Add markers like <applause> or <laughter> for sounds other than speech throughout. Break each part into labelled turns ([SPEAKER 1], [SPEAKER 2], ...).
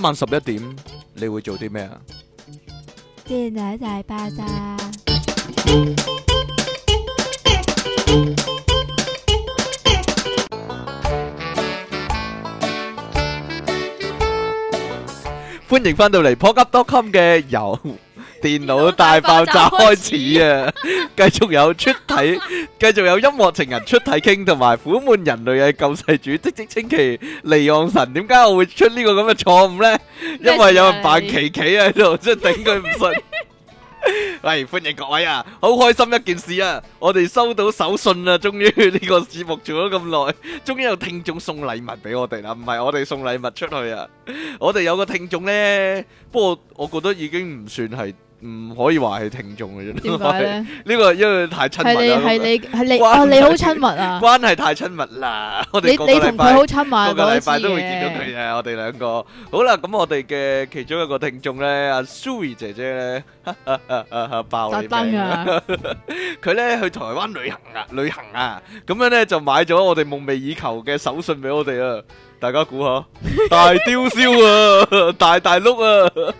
[SPEAKER 1] 今晚十一點，你會做啲咩啊？
[SPEAKER 2] 先去大巴咋。
[SPEAKER 1] 歡迎翻到嚟 p o k e dot com 嘅由電腦大爆炸開始啊，繼 <laughs> 續有出體，繼續有音樂情人出體傾，同埋苦悶人類嘅救世主，即即積淇離岸神，點解我會出呢個咁嘅錯誤呢？因為有人扮琪琪喺度，即係頂佢唔順。 <laughs> 喂歡迎各位啊，好開心一件事啊，我哋收到手信啊，終於呢個節目做咗咁耐，終於有聽眾送禮物俾我哋啦，唔係我哋送禮物出去啊，我哋有個聽眾呢。不過我覺得已經唔算係。唔可以話係聽眾嘅啫，呢個因為太親密啦。係你係
[SPEAKER 2] 你係你，哦你好親密啊，
[SPEAKER 1] 關係太親密啦。你你同佢好親密，個個禮拜都會見到佢啊。我哋兩個，好啦，咁我哋嘅其中一個聽眾咧，阿 Suri 姐姐咧，爆你！特登啊！佢咧去台灣旅行啊，旅行啊，咁樣咧就買咗我哋夢寐以求嘅手信俾我哋啊！大家估下，大雕燒啊，大大碌啊！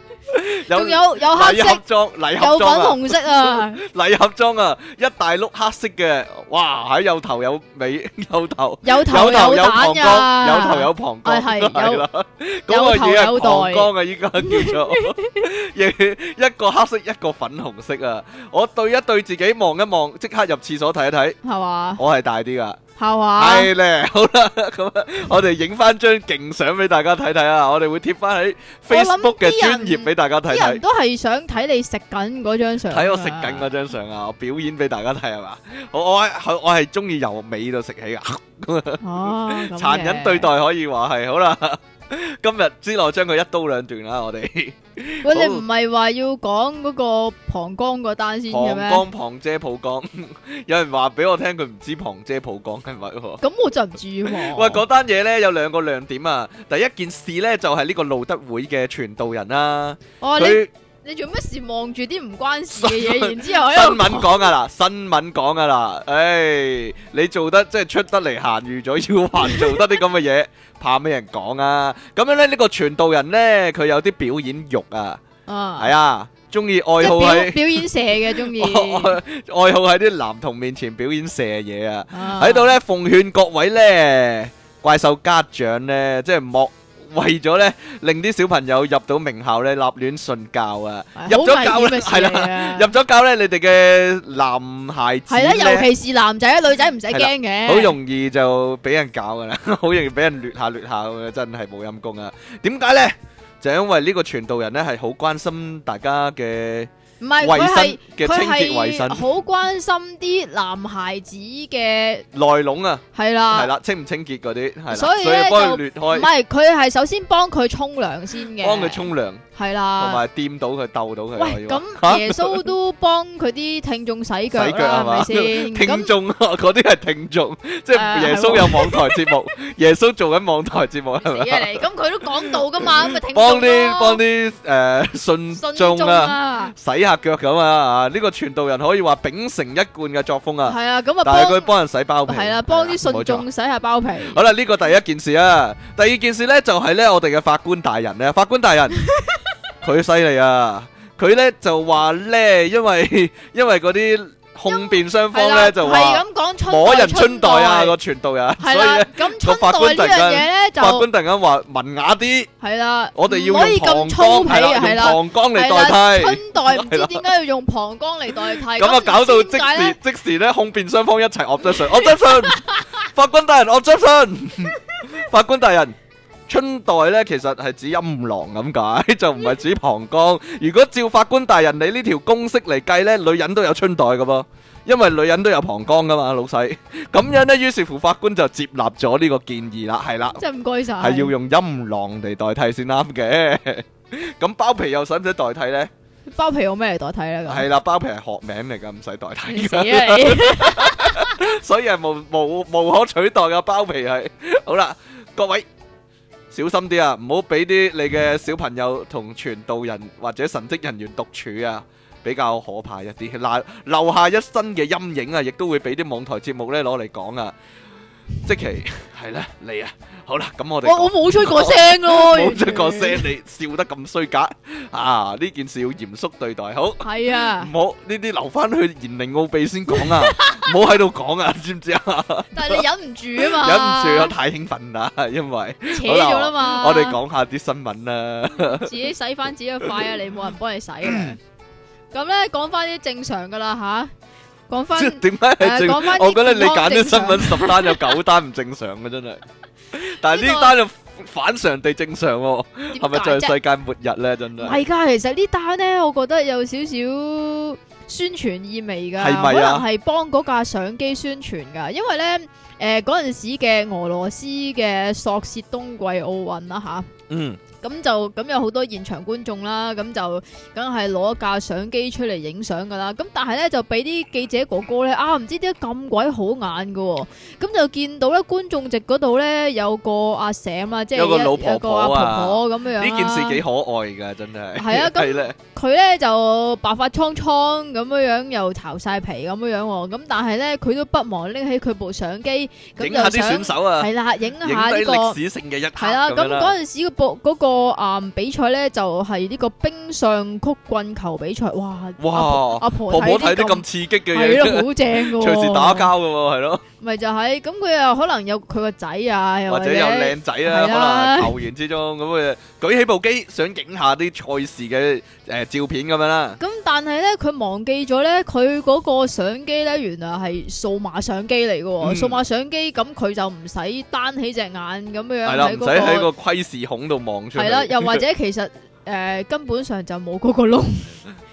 [SPEAKER 1] 有有有黑色裝，盒盒啊、有粉紅色
[SPEAKER 3] 啊！
[SPEAKER 1] 禮 <laughs> 盒裝啊，一大碌黑色嘅，哇喺、哎、有頭有尾，有頭有頭有膀胱、啊，有頭有膀胱係係啦，嗰個嘢係膀胱啊！依家叫做，一 <laughs> <laughs> 一個黑色，一個粉紅色啊！我對一對自己望一望，即刻入廁所睇吧一睇，係嘛？我係大啲噶。係啦， <laughs> 好啦，咁我哋影翻張勁相俾大家睇睇啊！我哋會貼翻喺 Facebook 嘅專頁俾大家睇睇。啲人都
[SPEAKER 2] 係想睇你食緊嗰張相，睇
[SPEAKER 1] 我食緊嗰張相啊！我表演俾大家睇係嘛？我我我係中意由尾到食起噶，哦，
[SPEAKER 3] 殘
[SPEAKER 1] 忍對待可以話係，好啦。今日之內將佢一刀兩斷啦！我哋 <laughs> 好，
[SPEAKER 2] 喂，你唔係話要講嗰個膀胱嗰單先嘅咩？膀胱、
[SPEAKER 1] 膀 <laughs> 姐、膀 <laughs> 胱、哦，有人話俾我聽佢唔知膀姐、膀胱係乜嘢，
[SPEAKER 2] 咁我就唔知喎。
[SPEAKER 1] 喂，嗰單嘢咧有兩個亮點啊！第一件事咧就係、是、呢個路德會嘅傳道人啦、啊，佢、啊。他
[SPEAKER 2] 你做乜事望住啲唔關事嘅嘢？然之後 <laughs> 新聞
[SPEAKER 1] 講噶啦，新聞講噶啦，唉、哎，你做得即係出得嚟行，預咗要還，做得啲咁嘅嘢， <laughs> 怕咩人講啊？咁樣咧，呢、這個傳道人咧，佢有啲表演欲啊，係啊，啊，中意愛好喺表，表
[SPEAKER 2] 演蛇嘅，中意 <laughs> 愛，愛好
[SPEAKER 1] 喺啲男童面前表演蛇嘢啊，喺度咧奉勸各位咧，怪獸家長咧，即係莫。為咗咧，令啲小朋友入到名校咧，立亂信教啊！入
[SPEAKER 3] 咗教咧，係啦，
[SPEAKER 1] 入咗教咧，你哋嘅男孩子係咧，尤其是
[SPEAKER 2] 男仔，女仔唔使驚嘅，好容
[SPEAKER 1] 易就俾人搞噶啦，好 <laughs> <laughs> 容易俾人劣下劣下，真係冇陰功啊！點解咧？就因為呢個傳道人咧，係好關心大家嘅。
[SPEAKER 2] 唔係佢，係佢係好關心啲男孩子嘅
[SPEAKER 1] 內籠啊，係 <laughs> 啦，係啦，清唔清潔嗰啲，所以咧就裂開，唔係
[SPEAKER 2] 佢係首先幫佢沖涼先嘅，幫佢沖涼。係啦，同埋
[SPEAKER 1] 掂到佢，鬥到佢。咁耶穌
[SPEAKER 2] 都幫佢啲聽眾洗腳，洗腳係咪先？
[SPEAKER 1] 聽眾，嗰啲係聽眾，即係耶穌有網台節目，耶穌做緊網台節目係咪？係嚟，
[SPEAKER 2] 咁佢都講到噶嘛，咁幫啲幫
[SPEAKER 1] 啲誒信信眾啊，洗下腳咁啊！呢個傳道人可以話秉承一貫嘅作風啊。係啊，
[SPEAKER 2] 咁啊，但係佢
[SPEAKER 1] 幫人洗包皮。係
[SPEAKER 2] 啦，幫啲信眾洗下包皮。好
[SPEAKER 1] 啦，呢個第一件事啊，第二件事咧就係咧我哋嘅法官大人咧，法官大人。佢犀利啊！佢咧就話咧，因為因為嗰啲控辯雙方咧就話火人春袋啊個傳道人，所以咧個法官突然間，法官突然間話文雅啲，
[SPEAKER 2] 係啦，我哋要用膀胱係啦，係啦，膀胱嚟代替春袋，唔知點解要用膀胱嚟代替，咁啊搞到即時
[SPEAKER 1] 即時咧控辯雙方一齊惡得信，惡得信，法官大人惡得信，法官大人。春袋咧，其實係指陰囊咁解，就唔係指膀胱。如果照法官大人你呢條公式嚟計咧，女人都有春袋噶噃，因為女人都有膀胱噶嘛，老細。咁樣咧，於是乎法官就接納咗呢個建議啦，係啦。真
[SPEAKER 2] 係唔該曬。係要
[SPEAKER 1] 用陰囊嚟代替先啱嘅。咁包皮又使唔使代替咧？
[SPEAKER 2] 包皮有咩嚟代替咧？係
[SPEAKER 1] 啦，包皮係學名嚟噶，唔使代替。所以係無無無可取代嘅包皮係。好啦，各位。小心啲啊，唔好俾啲你嘅小朋友同傳道人或者神職人員獨處啊，比較可怕一啲，嗱，留下一身嘅陰影啊，亦都會俾啲網台節目呢攞嚟講啊，即其係啦，你啊。好啦，咁我哋我我冇出過聲咯，冇出過聲，你笑得咁衰格。啊！呢件事要嚴肅對待，好係啊，唔好呢啲留翻去言靈奧秘先講啊，唔好喺度講啊，知唔知啊？
[SPEAKER 2] 但係你忍唔住啊嘛，忍唔住啊，
[SPEAKER 1] 太興奮啦，因為扯咗啦嘛，我哋講下啲新聞啦，自己
[SPEAKER 2] 洗翻自己嘅塊啊，你冇人幫你洗啊，咁咧講翻啲正常噶啦吓，講翻點解係正？我覺得你揀啲新聞十單有
[SPEAKER 1] 九單唔正常嘅真係。 <laughs> 但係呢單就反常地正常喎，係咪就係世界末日咧？真係唔係
[SPEAKER 2] 噶。其實單呢單咧，我覺得有少少宣傳意味噶，係咪啊？可能係幫嗰架相機宣傳噶，因為咧，誒嗰陣時嘅俄羅斯嘅索契冬季奧運啦吓。啊、嗯。咁就咁有好多現場觀眾啦，咁就梗係攞一架相機出嚟影相噶啦。咁但係咧就俾啲記者哥哥咧啊，唔知點解咁鬼好眼噶。咁就見到咧觀眾席嗰度咧有個阿爺啊嘛，即係一個老婆婆啊，老婆婆咁樣樣。呢件事幾
[SPEAKER 1] 可愛㗎，真係。係
[SPEAKER 2] 啊，咁佢咧就白髮蒼蒼咁樣樣，又巢曬皮咁樣樣。咁但係咧佢都不忘拎起佢部相機，影下啲選手啊，係啦，影下呢個歷史性嘅一刻。係啦，咁嗰陣時個博嗰個。個、嗯、比賽呢，就係、是、呢個冰上曲棍球比賽，哇！哇！阿婆阿婆睇啲咁刺
[SPEAKER 1] 激嘅嘢，好對 <laughs> 正㗎，隨時打交㗎嘛，係咯。
[SPEAKER 2] 咪就係咁，佢又可能有佢個仔啊，或者有靚
[SPEAKER 1] 仔啊，可能球員之中咁佢舉起部機想影下啲賽事嘅誒照片咁樣啦。
[SPEAKER 2] 咁但係咧，佢忘記咗咧，佢嗰個相機咧，原來係數碼相機嚟嘅，數碼相機咁佢就唔使單起隻眼咁樣唔使喺嗰個
[SPEAKER 1] 窺視孔度望出嚟。係啦，又或者其
[SPEAKER 2] 實誒根本上就冇嗰個窿。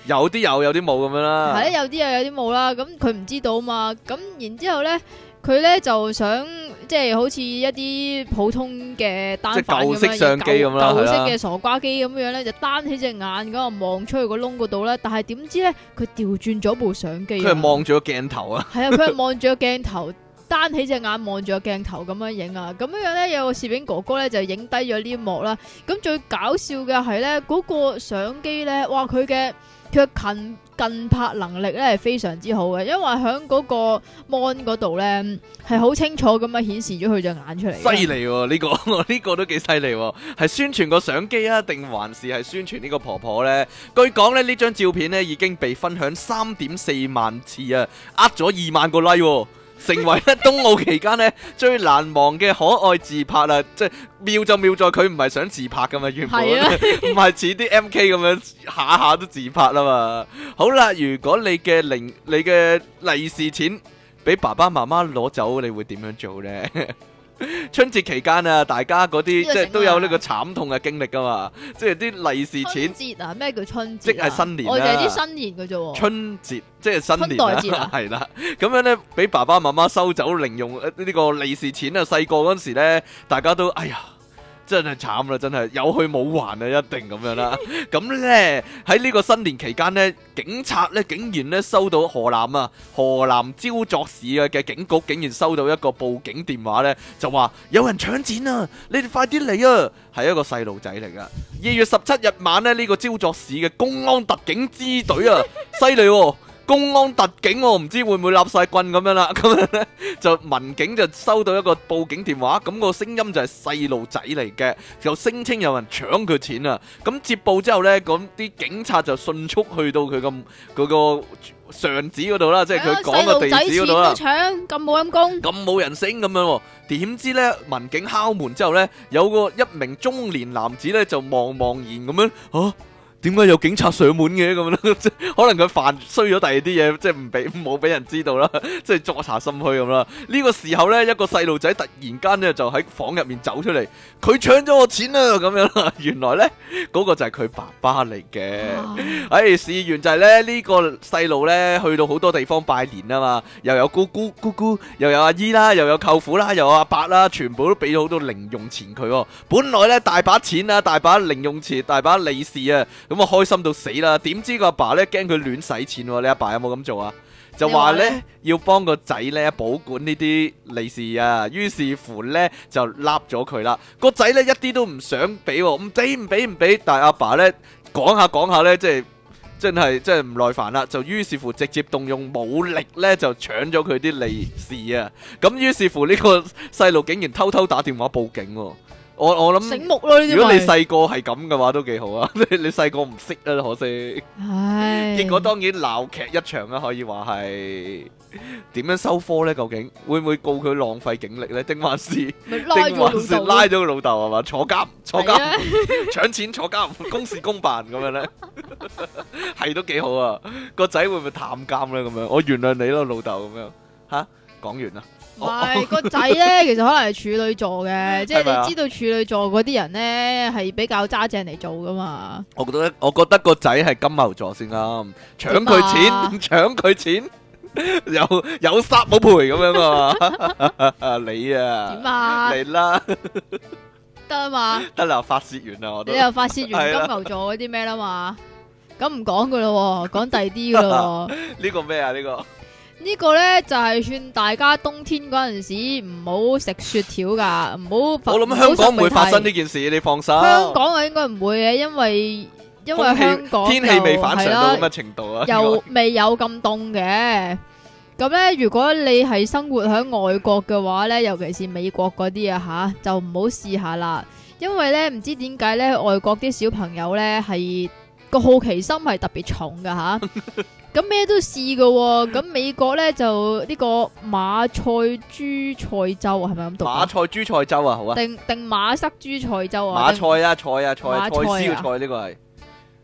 [SPEAKER 1] 有啲有，有啲冇咁樣啦。係，
[SPEAKER 2] 有啲又有啲冇啦。咁佢唔知道嘛。咁然之後咧。佢咧就想即係好似一啲普通嘅單反，舊式相機咁啦，舊，舊式嘅傻瓜機咁樣咧就單起隻眼咁啊望出去個窿嗰度咧，但係點知咧佢調轉咗部相機，佢係望
[SPEAKER 1] 住個鏡頭啊！
[SPEAKER 2] 係啊的，佢係望住個鏡頭， <laughs> 單起隻眼望住個鏡頭咁樣影啊！咁樣樣咧有個攝影哥哥咧就影低咗呢一幕啦。咁最搞笑嘅係咧嗰個相機咧，哇佢嘅確近。近拍能力咧係非常之好嘅，因為喺嗰個 mon 嗰度咧係好清楚咁樣顯示咗佢隻眼出嚟。犀利
[SPEAKER 1] 喎呢個，呢 <laughs> 個都幾犀利喎。係宣傳個相機啊，定還是係宣傳呢個婆婆呢？據講咧呢張照片呢，已經被分享三點四萬次啊，呃咗二萬個 like 啊。成為咧冬奧期間咧最難忘嘅可愛自拍啦，即係妙就妙在佢唔係想自拍噶嘛，原本唔係似啲 MK 咁樣下下都自拍啦嘛。好啦，如果你嘅零你嘅利是錢俾爸爸媽媽攞走，你會點樣做呢？ <laughs> <laughs> 春節期間啊，大家嗰啲即係都有呢個慘痛嘅經歷噶嘛，即係啲利是錢。春
[SPEAKER 2] 節啊，咩叫春節，啊啊啊？即係新年啦，啊，我哋係啲新年嘅啫。春
[SPEAKER 1] 節即係新年啦，係啦，咁樣咧，俾爸爸媽媽收走零用個呢個利是錢啊！細個嗰陣時咧，大家都哎呀～真係慘啦，真係有去冇還啊，一定咁樣啦。咁 <laughs> 呢，喺呢個新年期間呢，警察呢竟然呢收到河南啊，河南焦作市嘅警局竟然收到一個報警電話呢，就話有人搶錢啊，你哋快啲嚟啊！係一個細路仔嚟噶。二月十七日晚呢，呢、這個焦作市嘅公安特警支隊啊，犀利，啊。 <laughs> 公安特警我唔知會唔會立晒棍咁樣啦，咁咧就民警就收到一個報警電話，咁個聲音就係細路仔嚟嘅，就聲稱有人搶佢錢啊！咁接報之後咧，咁啲警察就迅速去到佢咁嗰個上址嗰度啦，即係佢講嘅地址嗰度啦。細路仔錢都
[SPEAKER 2] 搶，咁冇陰功，咁
[SPEAKER 1] 冇人聲咁樣，點知咧？民警敲門之後咧，有個一名中年男子咧就茫茫然咁樣，吓。點解有警察上門嘅？咁咧？ <laughs> 可能佢犯衰咗第二啲嘢，即係唔俾冇俾人知道啦，即係作賊心虛咁啦。呢、這個時候呢，一個細路仔突然間咧就喺房入面走出嚟，佢搶咗我錢啦咁樣啦。原來呢，嗰、那個就係佢爸爸嚟嘅。啊、 <laughs> 哎，事緣就係呢，這個，呢個細路呢去到好多地方拜年啊嘛，又有姑姑姑姑，又有阿姨啦，又有舅父啦，又有阿伯啦，全部都俾咗好多零用錢佢，哦。本來呢，大把錢啊，大把零用錢，大把，大把利是啊。咁啊，開心到死啦！點知個阿爸咧驚佢亂使錢啊，你阿爸有冇咁做啊？就話咧要幫個仔咧保管呢啲利是啊，於是乎咧就笠咗佢啦。個仔咧一啲都唔想俾哦，唔俾、唔俾、唔俾，但係阿爸咧講下講下咧，即係真係真係唔耐煩啦，就於是乎直接動用武力咧就搶咗佢啲利是啊！咁於 <laughs> 是乎呢個細路竟然偷偷打電話報警啊。我我諗，醒目，如果你細個係咁嘅話都幾好啊！你你細個唔識啊，可惜。唉，結果當然鬧劇一場啦，可以話係點樣收科呢？究竟會唔會告佢浪費警力呢？定係，定係拉咗佢老豆係嘛？坐監，坐監，搶錢坐監，公事公辦咁樣呢，係都幾好啊！個仔會唔會探監呢？咁樣，我原諒你咯，老豆咁樣吓，講完啦。唔
[SPEAKER 2] 係個仔咧，其實可能係處女座嘅。即係你知道處女座嗰啲人咧係比較揸正嚟做噶嘛。
[SPEAKER 1] 我覺得我覺得個仔係金牛座先啱，搶佢錢，搶佢錢，有有失冇賠咁樣啊！你啊，點啊？嚟啦，
[SPEAKER 2] 得啦嘛，
[SPEAKER 1] 得啦，發洩完啦，我都你又發洩完金牛
[SPEAKER 2] 座嗰啲咩啦嘛？咁唔講佢咯，講第啲噶咯。
[SPEAKER 1] 呢個咩啊？呢個？
[SPEAKER 2] 呢個呢，就係勸大家冬天嗰陣時唔好食雪條噶，唔好。我諗香港唔會發生呢
[SPEAKER 1] 件事，你放心。香
[SPEAKER 2] 港嘅應該唔會嘅，因為因為香港天氣未反常到乜
[SPEAKER 1] 程度啊，又
[SPEAKER 2] 未有咁凍嘅。咁呢，如果你係生活喺外國嘅話呢，尤其是美國嗰啲啊吓，就唔好試下啦。因為呢，唔知點解呢，外國啲小朋友呢係。.個好奇心係特別重噶，吓，咁、啊、咩 <laughs> 都試噶，咁美國咧，就呢個馬賽豬賽州係咪咁讀？馬
[SPEAKER 1] 賽豬賽州啊，好啊，定
[SPEAKER 2] 定馬塞豬賽州啊，馬賽
[SPEAKER 1] 啊，賽啊，賽、啊，賽斯嘅賽呢個係，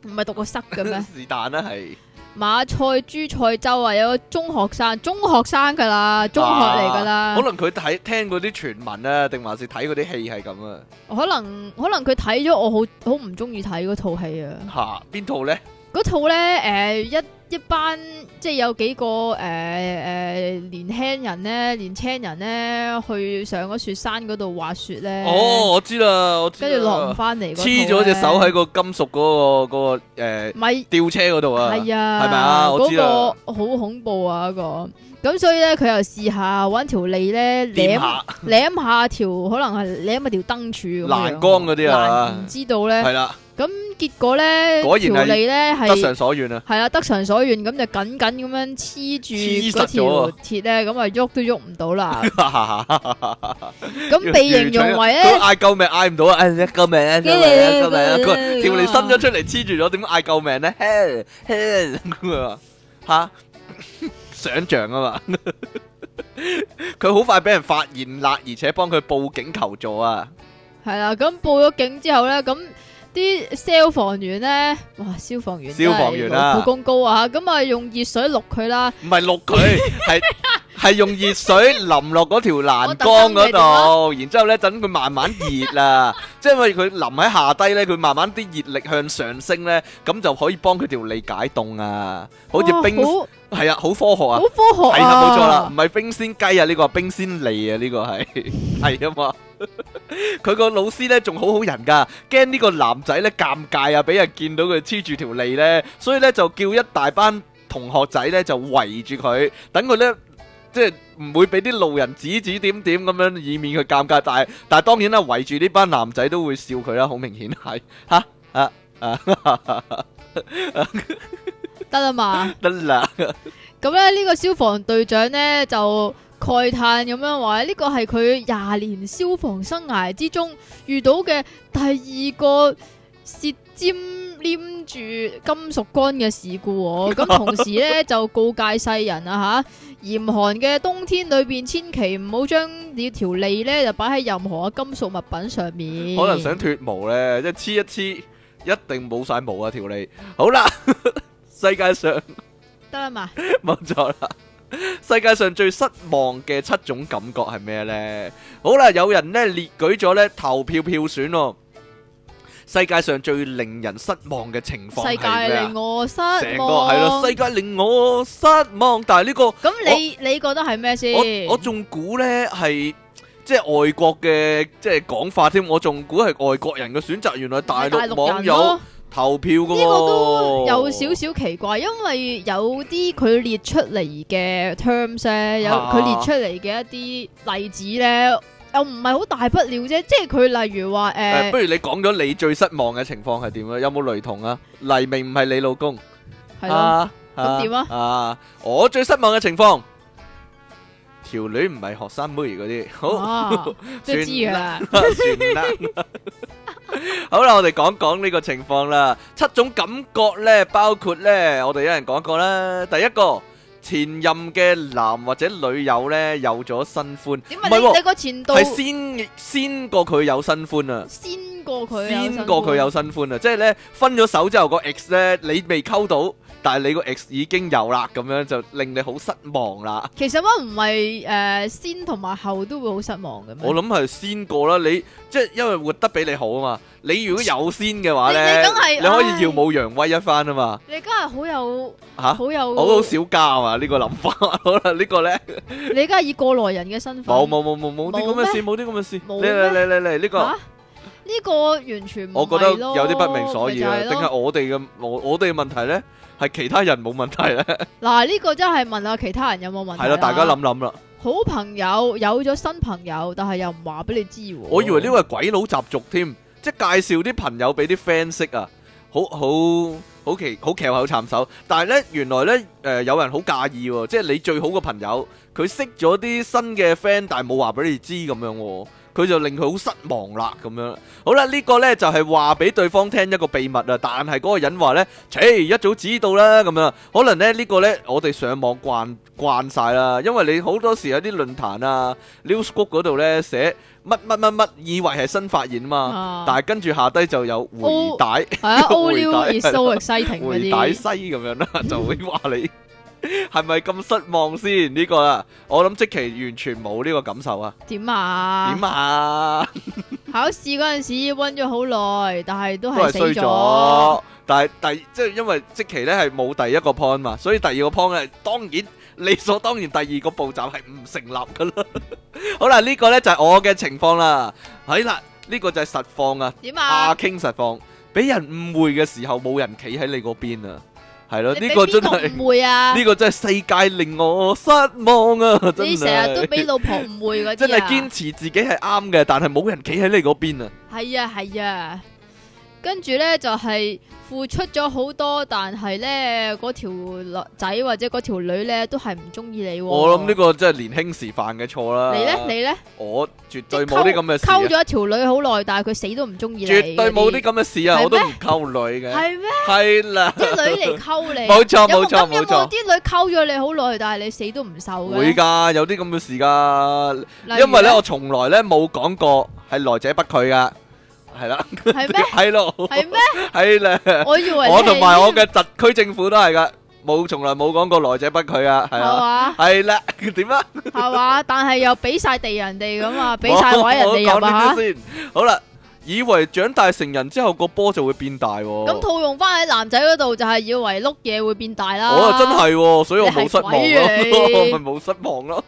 [SPEAKER 2] 唔係讀個塞嘅咩
[SPEAKER 1] <laughs> 是但啦係。
[SPEAKER 2] 馬賽、珠賽周圍有個中學生，中學生噶啦，中學嚟噶啦。可
[SPEAKER 1] 能佢睇聽嗰啲傳聞啊，定還是睇嗰啲戲係咁啊？
[SPEAKER 2] 可能可能佢睇咗我好好唔中意睇嗰套戲啊？
[SPEAKER 1] 吓，邊套咧？
[SPEAKER 2] 嗰套咧，誒、呃、一一班即係有幾個誒誒年輕人咧，年輕人咧去上嗰雪山嗰度滑雪咧。哦，我
[SPEAKER 1] 知啦，跟住落唔
[SPEAKER 2] 翻嚟，黐咗隻手喺個
[SPEAKER 1] 金屬嗰、嗰個嗰、嗰個、呃、咪吊車嗰度啊，係咪啊？嗰個
[SPEAKER 2] 好恐怖啊！嗰、嗰個咁所以咧，佢又試下揾條脷咧，舐一下， <laughs> 下條，可能係舐下條燈柱，欄杆嗰啲啊，唔知，知道咧，係啦。咁結果咧，條脷咧係得償所願啊！係啊，得償所願，咁就緊緊咁樣黐住嗰條鐵咧，咁啊喐都喐唔到啦。
[SPEAKER 1] 咁被 <laughs> 形容為咧，嗌、啊、救命嗌唔到啊！嗌、哎、救命，救命，救命、啊！條脷伸咗出嚟黐住咗，點嗌救命咧、啊？吓， <laughs> <laughs> 想象像啊嘛！佢 <laughs> 好快俾人發現啦，而且幫佢報警求助啊！
[SPEAKER 2] 係啦，咁報咗警之後咧，咁。啲消防員咧，哇！消防員，消防員啦，武功高啊！咁啊，用熱水渌佢啦，
[SPEAKER 1] 唔係渌佢，係。 <laughs> 是 <laughs> 係用熱水淋落嗰條欄杆嗰度，然之後咧，等佢慢慢熱啊， <laughs> 即係因為佢淋喺下低咧，佢慢慢啲熱力向上升咧，咁就可以幫佢條脷解凍啊，好似冰係啊，科啊好科學啊，好科學係啊，冇錯啦，唔係冰鮮雞啊，呢、呢個冰鮮脷啊，呢、呢個係係啊嘛，佢、個、啊、 <laughs> 老師咧仲好好人噶，驚呢個男仔咧尷尬啊，俾人見到佢黐住條脷咧，所以咧就叫一大班同學仔咧就圍住佢，等佢咧。即係唔會俾啲路人指指點點咁樣，以免佢尷尬。但係但係當然啦，圍住呢班男仔都會笑佢啦，好明顯係吓啊啊得啦嘛，得、啊、啦。
[SPEAKER 2] 咁、啊、咧呢、呢個消防隊長呢，就慨嘆咁樣話：呢個係佢廿年消防生涯之中遇到嘅第二個舌尖黏住金屬桿嘅事故，哦。咁 <laughs> 同時呢，就告誡世人啊吓。嚴寒嘅冬天裏邊，千祈唔好將你條脷咧就擺喺任何嘅金屬物品上面。可能想
[SPEAKER 1] 脫毛咧，即係黐一黐，一定冇晒毛啊條脷。好啦， <laughs> 世界上
[SPEAKER 2] 得啦嘛，冇
[SPEAKER 1] 錯啦。 <laughs> 世界上最失望嘅七種感覺係咩咧？好啦，有人咧列舉咗咧投票票選哦。世界上最令人失望嘅情況係咩啊？成
[SPEAKER 2] 個係咯，世
[SPEAKER 1] 界令我失望。但係呢、這個咁你
[SPEAKER 2] 我你覺得係咩先？我
[SPEAKER 1] 仲估呢係即係外國嘅即係講法添，我仲估係外國人嘅選擇。原來大陸網友陸投票嘅呢個都有
[SPEAKER 2] 少少奇怪，因為有啲佢列出嚟嘅 terms，有佢列出嚟嘅一啲例子呢。啊又唔係好大不了啫，即係佢例如話誒，不如你
[SPEAKER 1] 講咗你最失望嘅情況係點啊？有冇雷同啊？黎明唔係你老公，
[SPEAKER 2] 係啊，咁
[SPEAKER 1] 點啊？啊，我最失望嘅情況，條女唔係學生妹嗰啲，好，算啦，算啦。好啦，我哋講講呢個情況啦，七種感覺咧，包括咧，我哋有人講過啦，第一個。前任嘅男或者女友咧有咗新歡，唔係喎，係、啊、
[SPEAKER 2] 先先
[SPEAKER 1] 過佢有新歡啊，先
[SPEAKER 2] 過佢，先過佢有
[SPEAKER 1] 新歡啊，歡啊即係咧分咗手之後個 ex 咧你未溝到。但係你個 x 已經有啦，咁樣就令你好失望啦。其
[SPEAKER 2] 實乜唔係誒先同埋，後都會好失望嘅咩？我諗
[SPEAKER 1] 係先過啦，你即係因為活得比你好啊嘛。你如果有先嘅話咧，你可以耀武揚威一番啊嘛。
[SPEAKER 2] 你真係好有
[SPEAKER 1] 吓，好有我都好少教啊嘛呢個諗法。好啦，呢個咧，
[SPEAKER 2] 你而家以過來人嘅身份，冇
[SPEAKER 1] 冇冇冇冇啲咁嘅事，冇啲咁嘅事。冇咩？冇咩？呢個
[SPEAKER 2] 呢個完全我覺得有啲不明所以啊！定係我
[SPEAKER 1] 哋嘅我我哋嘅問題咧？係其他人冇問題咧、？ <laughs> 啊，
[SPEAKER 2] 嗱、這、呢個真係問下其他人有冇問題？係咯，大家諗諗啦。好朋友有咗新朋友，但係又唔話俾你知喎。我以為呢個係
[SPEAKER 1] 鬼佬習俗添，即係介紹啲朋友俾啲 friend 識啊，好好好，好奇好騎後插手，但係呢，原來呢，誒、呃、有人好介意喎、哦，即係你最好嘅朋友佢識咗啲新嘅 friend，但係冇話俾你知咁樣喎、哦。佢就令佢好失望啦，咁樣。好啦，呢個呢就係話俾對方聽一個秘密啊。但係嗰個人話呢：「切，一早知道啦。」咁樣。可能呢，呢個呢，我哋上網慣慣晒啦，因為你好多時有啲論壇啊，news group 嗰度呢，寫乜乜乜乜，以為係新發現吖嘛。但係跟住下低就有回帶，係啊，回帶西咁樣啦，就會話你。係咪咁失望先呢、這個啦？我諗即期完全冇呢個感受啊！
[SPEAKER 2] 點啊？點啊？考試嗰陣時溫咗好耐，但係都係衰咗。
[SPEAKER 1] 但係第即係因為即期咧係冇第一個 point 嘛，所以第二個 point 咧當然理所當然，第二個步驟係唔成立噶啦。 <laughs> 好啦，這個、呢個咧就係、是、我嘅情況啦。係、哎、啦、呢、這個就係實況啊。點啊？傾實況，俾人誤會嘅時候冇人企喺你嗰邊啊！係咯，呢個真係呢、啊、個真係世界令我失望啊！真係你成日都俾老婆誤會，
[SPEAKER 2] 誤會、啊、真係堅持
[SPEAKER 1] 自己係啱嘅，但係冇人企喺你嗰邊啊！
[SPEAKER 2] 係啊，係啊。跟住咧就係付出咗好多，但係咧嗰條仔或者嗰條女咧都係唔中意你。我諗呢個
[SPEAKER 1] 真係年輕時犯嘅錯啦。你咧？你咧？我絕對冇啲咁嘅事。溝咗一
[SPEAKER 2] 條女好耐，但係佢死都唔中意你。絕對冇啲咁嘅事啊！我都唔
[SPEAKER 1] 溝女嘅。係咩？係啦，啲女嚟溝
[SPEAKER 2] 你。冇錯，冇錯，冇錯。因為我啲女溝咗你好耐，但係你死都唔受嘅。會噶，
[SPEAKER 1] 有啲咁嘅事噶。因為咧，我從來咧冇講過係來者不拒噶。係啦，係咯，係咩？係啦，我以為我同埋我嘅特區政府都係噶，冇從來冇講過來者不拒啊，係啊，係啦，點啊？
[SPEAKER 2] 係話？但係又俾晒地人哋噉呀，俾晒位人哋入
[SPEAKER 1] 嘛？好啦，以為長大成人之後個波就會變大，咁套
[SPEAKER 2] 用翻喺男仔嗰度就係以為碌嘢會變大啦。我啊真係，所以我冇失望咯，咪
[SPEAKER 1] 冇失望咯。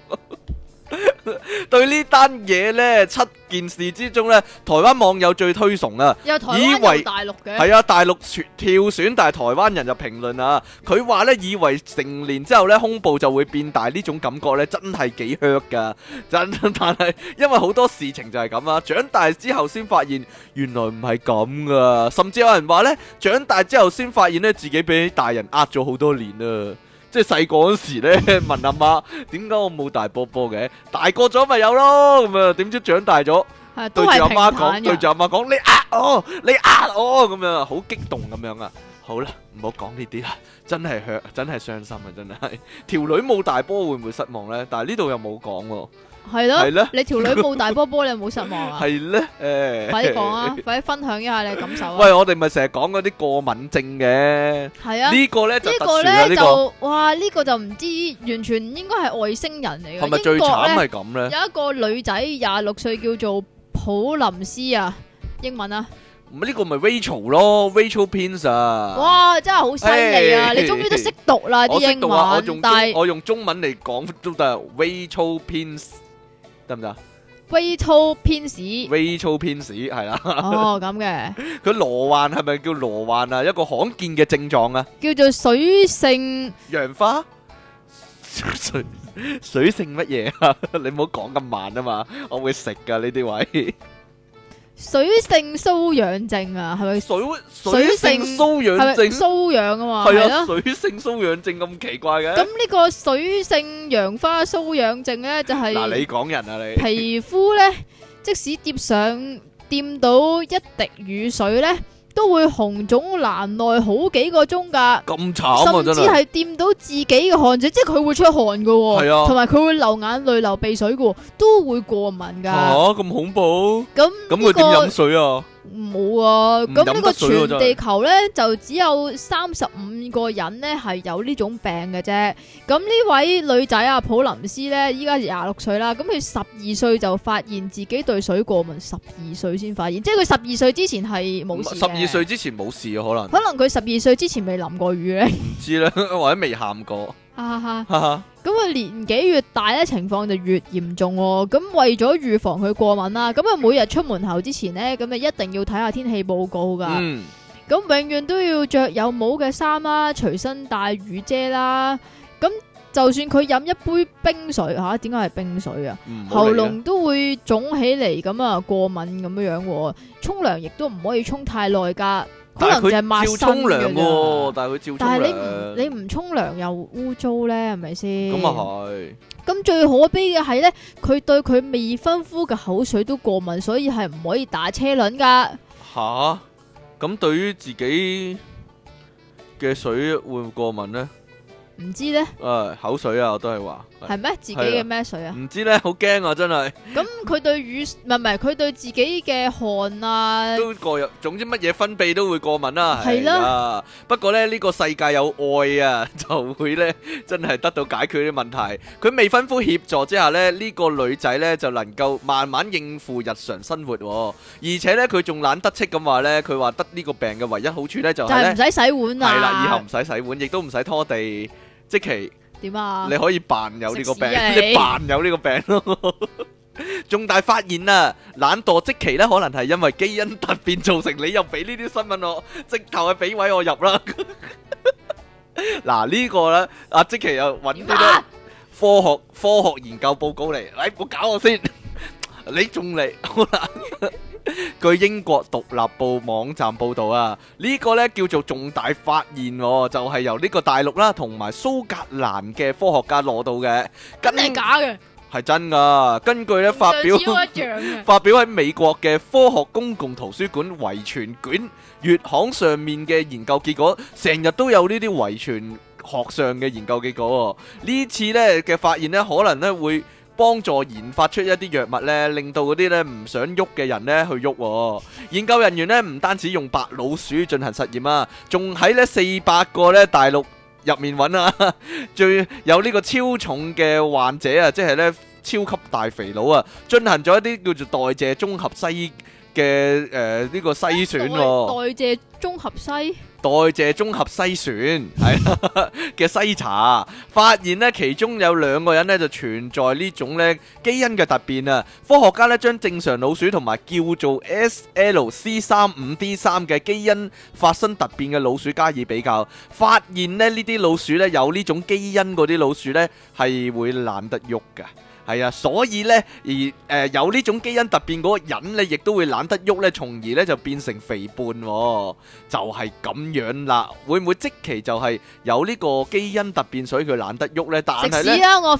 [SPEAKER 1] <laughs> 對呢單嘢呢，七件事之中呢，台灣網友最推崇啊！以為大陸嘅係啊，大陸跳選，但係台灣人就評論啊，佢話呢，以為成年之後呢，胸部就會變大，呢種感覺呢，真係幾靴噶。真，但係因為好多事情就係咁啊。長大之後先發現原來唔係咁噶，甚至有人話呢，長大之後先發現呢，自己俾大人呃咗好多年啊。即係細個嗰時咧，問阿媽點解我冇大波波嘅，大個咗咪有咯咁啊？點知長大咗
[SPEAKER 3] 是對住阿媽講，對住
[SPEAKER 1] 阿媽講你呃我，你呃我咁樣，好激動咁樣啊！好啦，唔好講呢啲啦，真係真係傷心啊！真係條女冇大波會唔會失望咧？但係呢度又冇講喎。
[SPEAKER 2] 係咯，你條女冇大波波，你有冇失望啊？係
[SPEAKER 1] 咧，誒，快啲講啊，快
[SPEAKER 2] 啲分享一下你嘅感受啊！喂，
[SPEAKER 1] 我哋咪成日講嗰啲過敏症嘅？
[SPEAKER 2] 係啊，呢個咧就特殊啦，呢個哇呢個就唔知，完全應該係外星人嚟嘅。係咪最慘係咁咧？有一個女仔廿六歲，叫做普林斯啊，英文啊？
[SPEAKER 1] 唔係呢個咪 Rachel 咯，Rachel Pins 啊？哇，
[SPEAKER 2] 真係好犀利啊！你終於都識讀啦啲英文，但係我
[SPEAKER 1] 用中文嚟講都得 Rachel Pins。得唔得？
[SPEAKER 2] 微操偏史，
[SPEAKER 1] 微操偏史係啦。哦，咁
[SPEAKER 2] 嘅。
[SPEAKER 1] 佢羅患係咪叫羅患啊？一個罕見嘅症狀啊？
[SPEAKER 2] 叫做水性
[SPEAKER 1] 楊花。水水性乜嘢啊？ <laughs> 你唔好講咁慢啊嘛，我會食噶呢啲位。
[SPEAKER 2] 水性瘙癢症啊，係咪水水性瘙癢症？瘙癢啊嘛，係啊，
[SPEAKER 1] 水性瘙癢性症咁奇怪嘅？咁
[SPEAKER 2] 呢個水性楊花瘙癢症咧，就係嗱，你講人啊，你皮膚咧，即使疊上掂到一滴雨水咧。都會紅腫難耐好幾個鐘噶，咁慘、啊、甚至係掂到自己嘅汗水， <noise> 即係佢會出汗嘅，同埋佢會流眼淚、流鼻水嘅，都會過敏噶。哦、啊，
[SPEAKER 1] 咁恐怖！
[SPEAKER 2] 咁咁佢點飲水啊？這個冇啊！咁呢、嗯、個全地球咧，的就只有三十五個人咧係有呢種病嘅啫。咁呢位女仔阿普林斯咧，依家廿六歲啦。咁佢十二歲就發現自己對水過敏，十二歲先發現，即係佢十二歲之前係冇事，十二歲之
[SPEAKER 1] 前冇事啊，可能可
[SPEAKER 2] 能佢十二歲之前未淋過雨咧，唔
[SPEAKER 1] 知咧，或者未喊過。哈哈哈！哈
[SPEAKER 2] 哈！咁啊，年紀越大咧，情況就越嚴重哦。咁為咗預防佢過敏啦，咁啊，每日出門口之前呢，咁啊一定要睇下天氣報告噶。咁、嗯、永遠都要着有帽嘅衫啦，隨身帶雨遮啦。咁就算佢飲一杯冰水吓，點解係冰水啊？嗯、喉嚨都會腫起嚟，咁啊過敏咁樣樣。沖涼亦都唔可以沖太耐噶。可能佢照沖涼喎，但
[SPEAKER 1] 係佢照沖涼。你唔
[SPEAKER 2] 沖涼又污糟咧，係咪先？咁啊係。咁、嗯嗯嗯嗯嗯嗯、最可悲嘅係咧，佢對佢未婚夫嘅口水都過敏，所以係唔可以打車輪噶。
[SPEAKER 1] 吓，咁對於自己嘅水會唔會過敏咧？唔知咧，誒，口水啊，我都係話係咩？自己嘅咩水啊？唔知咧，好驚啊，真係。
[SPEAKER 2] 咁佢對雨唔係，唔係佢對自己嘅汗啊？都
[SPEAKER 1] 過入，總之乜嘢分泌都會過敏啦。係囉，不過咧，呢個世界有愛啊，就會咧真係得到解決啲問題。佢未婚夫協助之下咧，呢個女仔咧就能夠慢慢應付日常生活，而且咧佢仲懶得戚咁話咧，佢話得呢個病嘅唯一好處咧就係咧唔使
[SPEAKER 2] 洗碗啊，係啦，以後
[SPEAKER 1] 唔使洗碗，亦都唔使拖地。積淇
[SPEAKER 2] 點啊？你可以
[SPEAKER 1] 扮有呢個病，你扮有呢個病咯。 <laughs> 重大發現啊！懶惰積淇咧，可能係因為基因突變造成。你又俾呢啲新聞我，直頭係俾位我入啦。嗱、 <laughs> 這個、呢個咧，阿積淇又搵啲、啊、科學科學研究報告嚟，嚟、哎、我搞我先， <laughs> 你仲嚟好難。據英國獨立報網站報道啊，這個、呢個咧叫做重大發現，就係、是、由呢個大陸啦同埋蘇格蘭嘅科學家攞到嘅，
[SPEAKER 3] 肯定係假嘅，
[SPEAKER 1] 係真噶。根據咧發表，一發表喺美國嘅科學公共圖書館遺傳卷月刊上面嘅研究結果，成日都有呢啲遺傳學上嘅研究結果，次呢次咧嘅發現咧可能咧會。幫助研發出一啲藥物咧，令到嗰啲咧唔想喐嘅人咧去喐。研究人員咧唔單止用白老鼠進行實驗啊，仲喺呢四百個咧大陸入面揾啊，最有呢個超重嘅患者啊，即係咧超級大肥佬啊，進行咗一啲叫做代謝綜合西。嘅誒呢個篩選，哦，代，代
[SPEAKER 2] 謝綜合篩，
[SPEAKER 1] 代謝綜合篩選係啦嘅篩查，發現咧其中有兩個人咧就存在種呢種咧基因嘅突變啊。科學家咧將正常老鼠同埋叫做 SLC 三五 D 三嘅基因發生突變嘅老鼠加以比較，發現咧呢啲老鼠咧有呢種基因嗰啲老鼠咧係會懶得喐噶。係啊，所以呢，而誒、呃、有呢種基因突變嗰個人咧，亦都會懶得喐呢，從而呢就變成肥胖、哦，就係、是、咁樣啦。會唔會即期就係有呢個基因突變，所以佢懶得喐呢？但係呢，佢又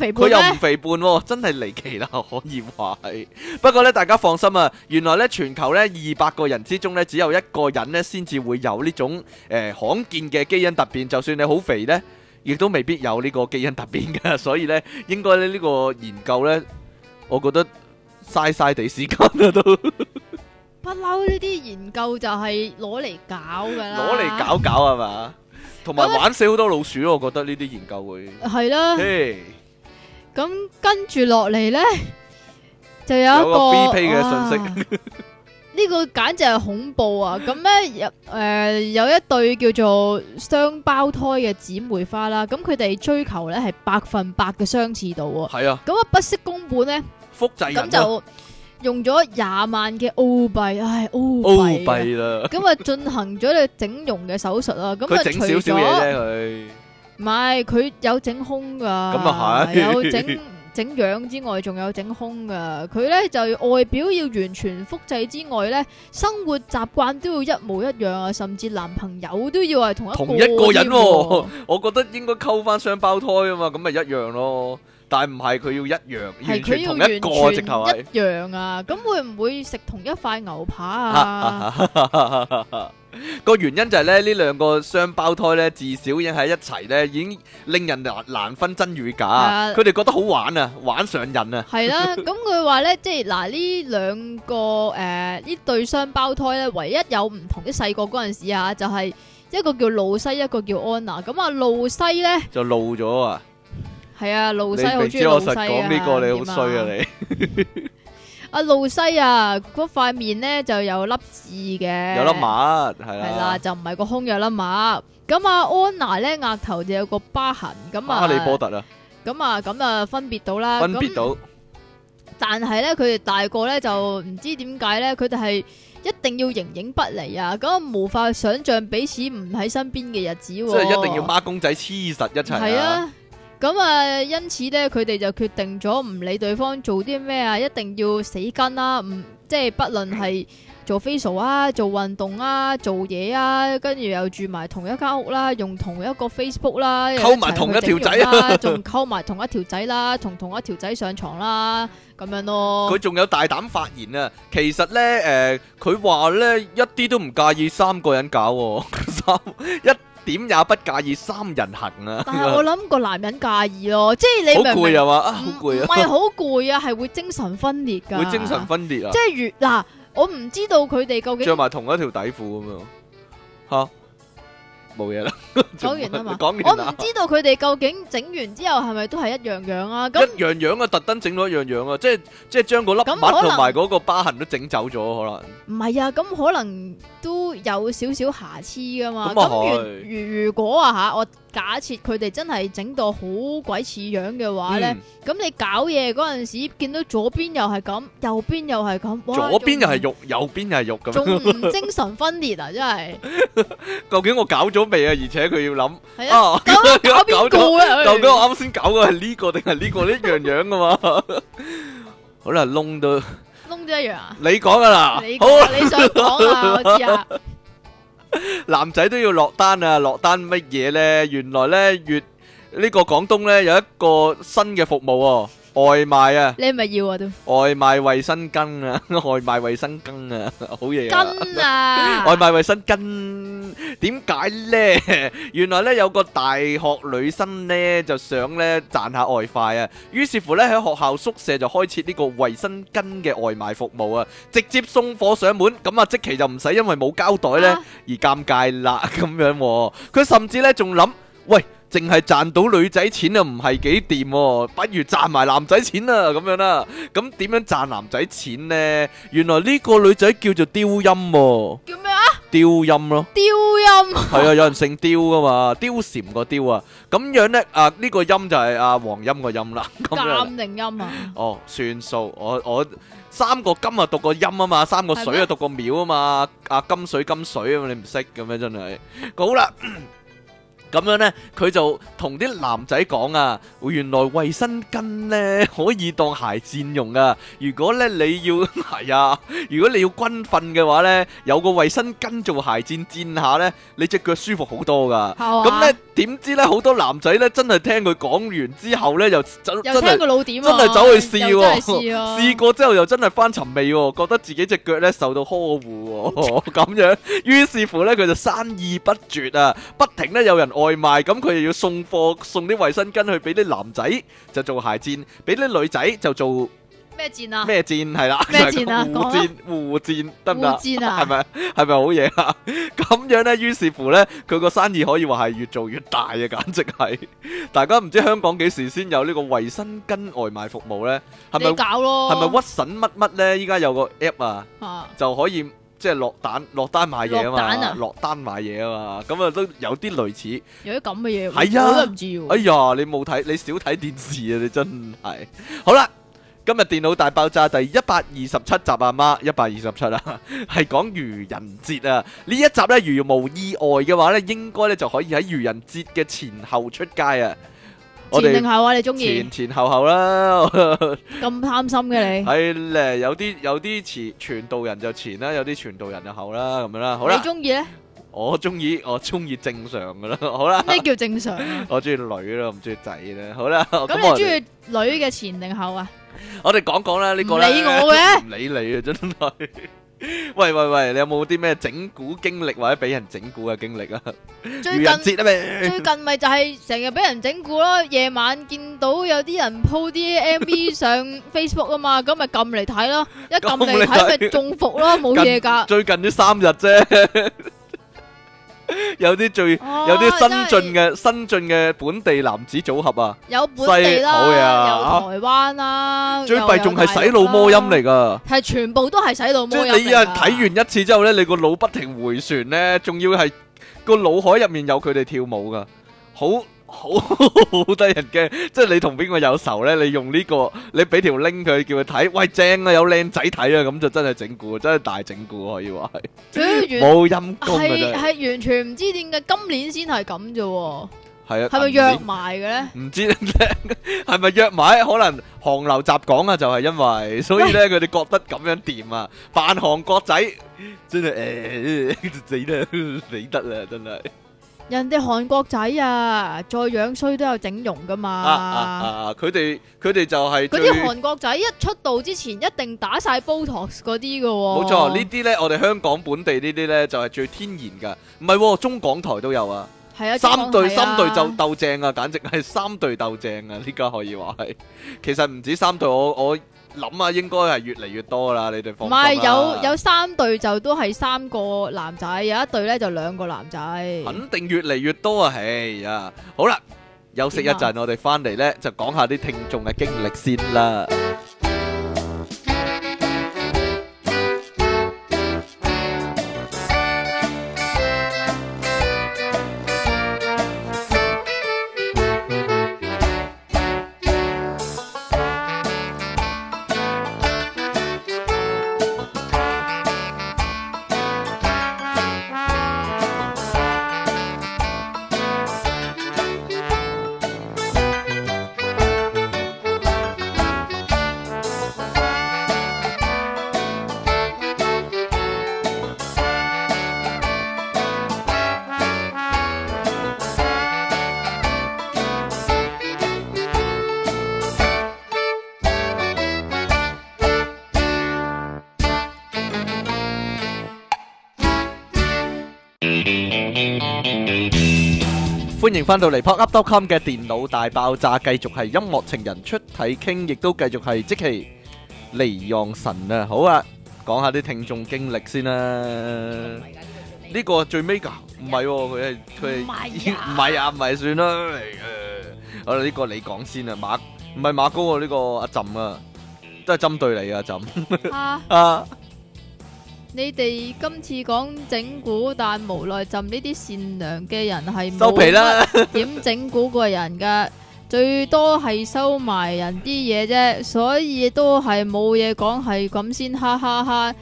[SPEAKER 1] 唔肥胖、哦，真係離奇啦，可以話係。不過呢，大家放心啊，原來呢，全球呢，二百個人之中呢，只有一個人呢，先至會有呢種誒、呃、罕見嘅基因突變，就算你好肥呢。亦都未必有呢個基因突變嘅，所以咧，應該咧呢個研究咧，我覺得嘥嘥地時間啦，都
[SPEAKER 2] 不嬲呢啲研究就係攞嚟搞噶啦，攞嚟搞
[SPEAKER 1] 搞係嘛，同埋玩死好多老鼠咯。我覺得呢啲研究會係啦，嘿，
[SPEAKER 2] 咁跟住落嚟咧，就有一個 BP 嘅信息。呢個簡直係恐怖啊！咁、嗯、咧，有、呃、誒有一對叫做雙胞胎嘅姊妹花啦。咁佢哋追求咧係百分百嘅相似度啊。係啊。咁啊，不惜工本咧，
[SPEAKER 1] 複製咁就
[SPEAKER 2] 用咗廿萬嘅澳幣，唉，澳幣啦。咁幣、 <laughs> 嗯、啊，進行咗呢整容嘅手術啊。咁啊，除咗唔
[SPEAKER 3] 係，
[SPEAKER 2] 佢有整胸噶，咁啊係，有整。整樣之外，仲有整胸㗎。佢呢就外表要完全複製之外呢，生活習慣都要一模一樣啊，甚至男朋友都要係同一同一個人。
[SPEAKER 1] 我覺得應該溝返雙胞胎啊嘛，咁咪一樣咯。但唔係佢要一樣，完全同一個直頭係一
[SPEAKER 2] 樣啊。咁會唔會食同一塊牛扒啊？
[SPEAKER 1] 個原因就係咧，呢兩個雙胞胎咧，至少已經喺一齊咧，已經令人難難分真與假。佢哋、啊、覺得好玩啊，玩上癮啊。係啦、
[SPEAKER 2] 啊，咁佢話咧，即係嗱，啊兩呃、呢兩個誒，呢對雙胞胎咧，唯一有唔同啲細個嗰陣時啊，就係、是、一個叫露西，一個叫安娜。咁啊，露西咧
[SPEAKER 1] 就露咗啊，
[SPEAKER 2] 係啊，露西好中意露西啊，你知我實講呢個你好衰啊，你。 <laughs> 阿露西啊，嗰塊面咧就有粒痣嘅，有粒物
[SPEAKER 1] 係啦，就
[SPEAKER 2] 唔係個胸有粒物。咁阿、啊、安娜咧額頭就有個疤痕，咁啊，哈利波特啊，咁啊咁啊分別到啦，分別到。但係咧，佢哋大個咧就唔知點解咧，佢哋係一定要形影不離啊，咁無法想像彼此唔喺身邊嘅日子、啊。即係一定要孖
[SPEAKER 1] 公仔黐實一齊啊！
[SPEAKER 2] 咁啊，因此咧，佢哋就決定咗唔理對方做啲咩啊，一定要死跟啦，唔即係不論係做 facebook 啊，做運動啊，做嘢啊，跟住又住埋同一間屋啦，用同一個 Facebook 啦，溝埋同一條仔啊，仲溝埋同一條仔啦，同同一條仔上床啦，咁樣咯。佢
[SPEAKER 1] 仲有大膽發言啊，其實咧，誒，佢話咧一啲都唔介意三個人搞，三一。點也不介意三人行啊！ <laughs> 但係我諗
[SPEAKER 2] 個男人介意咯，即係你明唔明？好攰係嘛？啊，好
[SPEAKER 1] 攰啊！唔係好
[SPEAKER 2] 攰啊，係 <laughs> 會精神分裂㗎。會精神分裂啊！即係越嗱、啊，我唔知道佢哋究竟着埋
[SPEAKER 1] 同一條底褲咁樣嚇。啊。冇嘢啦，
[SPEAKER 2] 講完，完啊嘛，講完。我唔知道佢哋究竟整完之後係咪都係一樣樣啊？咁一
[SPEAKER 1] 樣樣啊，特登整到一樣樣啊，即係即係將個粒同埋嗰個疤痕都整走咗，可能
[SPEAKER 2] 唔係啊？咁可能都有少少瑕疵噶嘛？咁如如果，如果啊吓，我假設佢哋真係整到好鬼似樣嘅話咧，咁、嗯、你搞嘢嗰陣時見到左邊又係咁，右邊又係咁，左邊又係
[SPEAKER 1] 肉，不右邊又係肉咁，仲唔
[SPEAKER 2] 精神分裂啊？ <laughs> 真係的，
[SPEAKER 1] <laughs> 究竟我搞咗？未啊！而且佢要諗
[SPEAKER 2] 啊，搞邊個？搞邊個？究
[SPEAKER 1] 竟我啱先搞嘅係呢個定係呢個一樣樣噶嘛？可能窿都窿都
[SPEAKER 2] 一樣啊！你講噶啦，你好你想講啊！我知
[SPEAKER 1] 啊。男仔都要落單啊！落單乜嘢咧？原來咧，粵呢個廣東咧有一個新嘅服務哦。外賣啊！你係咪要啊？都外賣衛生巾啊！外賣衛生巾啊，好嘢！啊！巾啊！外賣衛生巾點解呢？原來呢有個大學女生呢就想呢賺下外快啊，於是乎呢喺學校宿舍就開設呢個衛生巾嘅外賣服務啊，直接送貨上門，咁啊即期就唔使因為冇膠袋呢而尷尬啦咁樣。佢甚至呢仲諗，喂。淨係賺到女仔錢又唔係幾掂，不如賺埋男仔錢啦咁樣啦。咁點樣賺男仔錢呢？原來呢個女仔叫做雕音，叫咩啊？雕音咯，
[SPEAKER 2] 雕音係啊，有
[SPEAKER 1] 人姓雕噶嘛？雕蟬個雕啊，咁樣呢啊，呢個音就係阿黃音個音啦。鑑定音啊？哦，算數，我我三個金啊讀個音啊嘛，三個水啊讀個廟啊嘛，啊金水金水啊嘛，你唔識咁樣真係？好啦。咁樣呢，佢就同啲男仔講啊，原來衛生巾呢可以當鞋墊用噶。如果呢你要係啊、哎，如果你要軍訓嘅話呢，有個衛生巾做鞋墊墊下呢，你隻腳舒服好多噶。咁吧呢點知呢好多男仔呢真係聽佢講完之後呢又真真係
[SPEAKER 2] 真係走去試喎，試
[SPEAKER 1] 過之後又真係翻尋味喎、啊，覺得自己隻腳呢受到呵護喎、啊，咁樣。於是乎呢佢就生意不絕啊，不停呢有人、呃。外賣，咁佢又要送貨，送啲衛生巾去俾啲男仔就做鞋墊，俾啲女仔就做咩戰啊？咩戰係啦？咩戰啊？護墊護墊，得唔得？護墊係咪係咪好嘢啊？咁樣咧，於是乎咧，佢個生意可以話係越做越大啊，簡直係。大家唔知香港幾時先有呢個衛生巾外賣服務咧？係咪搞咯？係咪屈臣乜乜咧？依家有個 app 啊，啊就可以。即係落單落單買嘢啊嘛，落單買嘢啊嘛，咁啊都有啲類似，
[SPEAKER 2] 有啲咁嘅嘢，啊、我都唔知、啊、哎
[SPEAKER 1] 呀，你冇睇，你少睇電視啊！你真係 <laughs> 好啦，今日電腦大爆炸第一百二十七集阿媽，一百二十七啦，係講愚人節啊！呢、 <laughs> 啊、一集呢，如無意外嘅話呢，應該呢就可以喺愚人節嘅前後出街啊！
[SPEAKER 2] 前定後啊？你中意前
[SPEAKER 1] 前後後啦！
[SPEAKER 2] 咁 <laughs> 貪心嘅你
[SPEAKER 1] 係咧，有啲有啲前傳道人就前啦，有啲傳道人就後啦，咁樣啦，啦，好啦。你中意咧？我中意我中意正常噶、啊、啦， <laughs> 好啦。咩叫正常？我中意女啦，唔中意仔咧，好啦。咁你
[SPEAKER 2] 中意女嘅前定後啊？
[SPEAKER 1] <laughs> 我哋講講啦，你、這個咧。唔理我嘅？唔理你啊，真係。喂喂喂，你有冇啲咩整蠱經歷或者俾人整蠱嘅經歷啊？
[SPEAKER 2] 最近咪 <laughs> 愚人節 <laughs> 最近咪就係成日俾人整蠱咯，夜晚見到有啲人 po 啲 MV 上，上 Facebook 啊嘛，咁咪撳嚟睇咯，一撳嚟睇咪中伏咯，冇嘢噶。
[SPEAKER 1] 最近啲三日啫。 <laughs> 有啲最、啊、有啲新進嘅，為新進嘅本地男子組合啊，有本地啦，啊，台
[SPEAKER 2] 灣啊。最弊仲係洗腦
[SPEAKER 1] 魔音嚟噶，
[SPEAKER 2] 係全部都係洗腦魔音。即係你
[SPEAKER 1] 啊睇完一次之後咧，你個腦不停回旋咧，仲要係個腦海入面有佢哋跳舞噶，好。好好得人驚，即係你同邊個有仇咧？你用呢、這個，你俾條 link 佢，叫佢睇，喂正啊，有靚仔睇啊，咁就真係整蠱，真係大整蠱可以話係。冇陰功，係係
[SPEAKER 2] 完全唔知點解今年先係咁啫？係、嗯、啊，係咪約埋嘅咧？
[SPEAKER 1] 唔、嗯、知咧，係 <laughs> 咪約埋？可能韓流雜講啊，就係因為所以咧，佢哋麼覺得咁樣掂啊，扮韓國仔，真係誒，真係死得啦，真係。
[SPEAKER 2] 人哋韓國仔啊，再樣衰都有整容噶嘛。啊啊啊！
[SPEAKER 1] 佢哋佢哋就係嗰啲韓
[SPEAKER 2] 國仔一出道之前一定打晒 Botox 嗰啲嘅。冇錯，呢
[SPEAKER 1] 啲呢，我哋香港本地呢啲呢，就係、是、最天然嘅。唔係喎，中港台都有啊。
[SPEAKER 2] 係啊，三隊隊、啊、三隊就
[SPEAKER 1] 鬥正啊，簡直係三隊鬥正啊，呢家可以話係。其實唔止三隊，我我。諗啊，應該係越嚟越多啦！你哋放唔係有有
[SPEAKER 2] 三隊就都係三個男仔，有一隊呢就兩個男仔。肯
[SPEAKER 1] 定越嚟越多啊！哎呀，yeah. 好啦，休息一陣，我哋翻嚟呢，就講下啲聽眾嘅經歷先啦。翻到嚟 popup.com 嘅電腦大爆炸，繼續係音樂情人出體 king，亦都繼續係積淇離岸神啊！好啊，講下啲聽眾經歷先啦。呢個最尾㗎，唔係喎，佢係佢係唔係啊？唔係算啦。我哋呢個你講先啊，馬唔係馬高喎，呢個阿朕啊，都係針對你啊朕。
[SPEAKER 2] 你哋今次講整蠱，但無奈朕呢啲善良嘅人係冇乜點整蠱過人噶，收皮 <laughs> 最多係收埋人啲嘢啫，所以都係冇嘢講，係咁先，哈哈哈！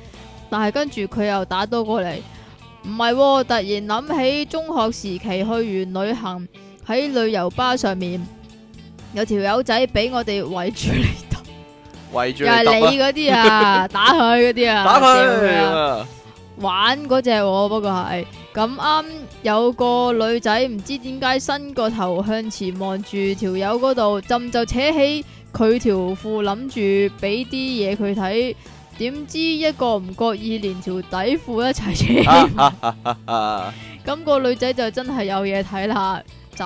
[SPEAKER 2] 但係跟住佢又打多過嚟，唔係、哦，突然諗起中學時期去完旅行，喺旅遊巴上面有條友仔俾我哋圍住
[SPEAKER 1] 係你嗰啲啊，打佢嗰啲啊，
[SPEAKER 2] 玩嗰隻喎，不過係咁啱有個女仔唔知點解伸個頭向前望住條友嗰度，朕就扯起佢條褲諗住俾啲嘢佢睇，點知一,一個唔覺意連條底褲一齊扯，咁個女仔就真係有嘢睇啦，就。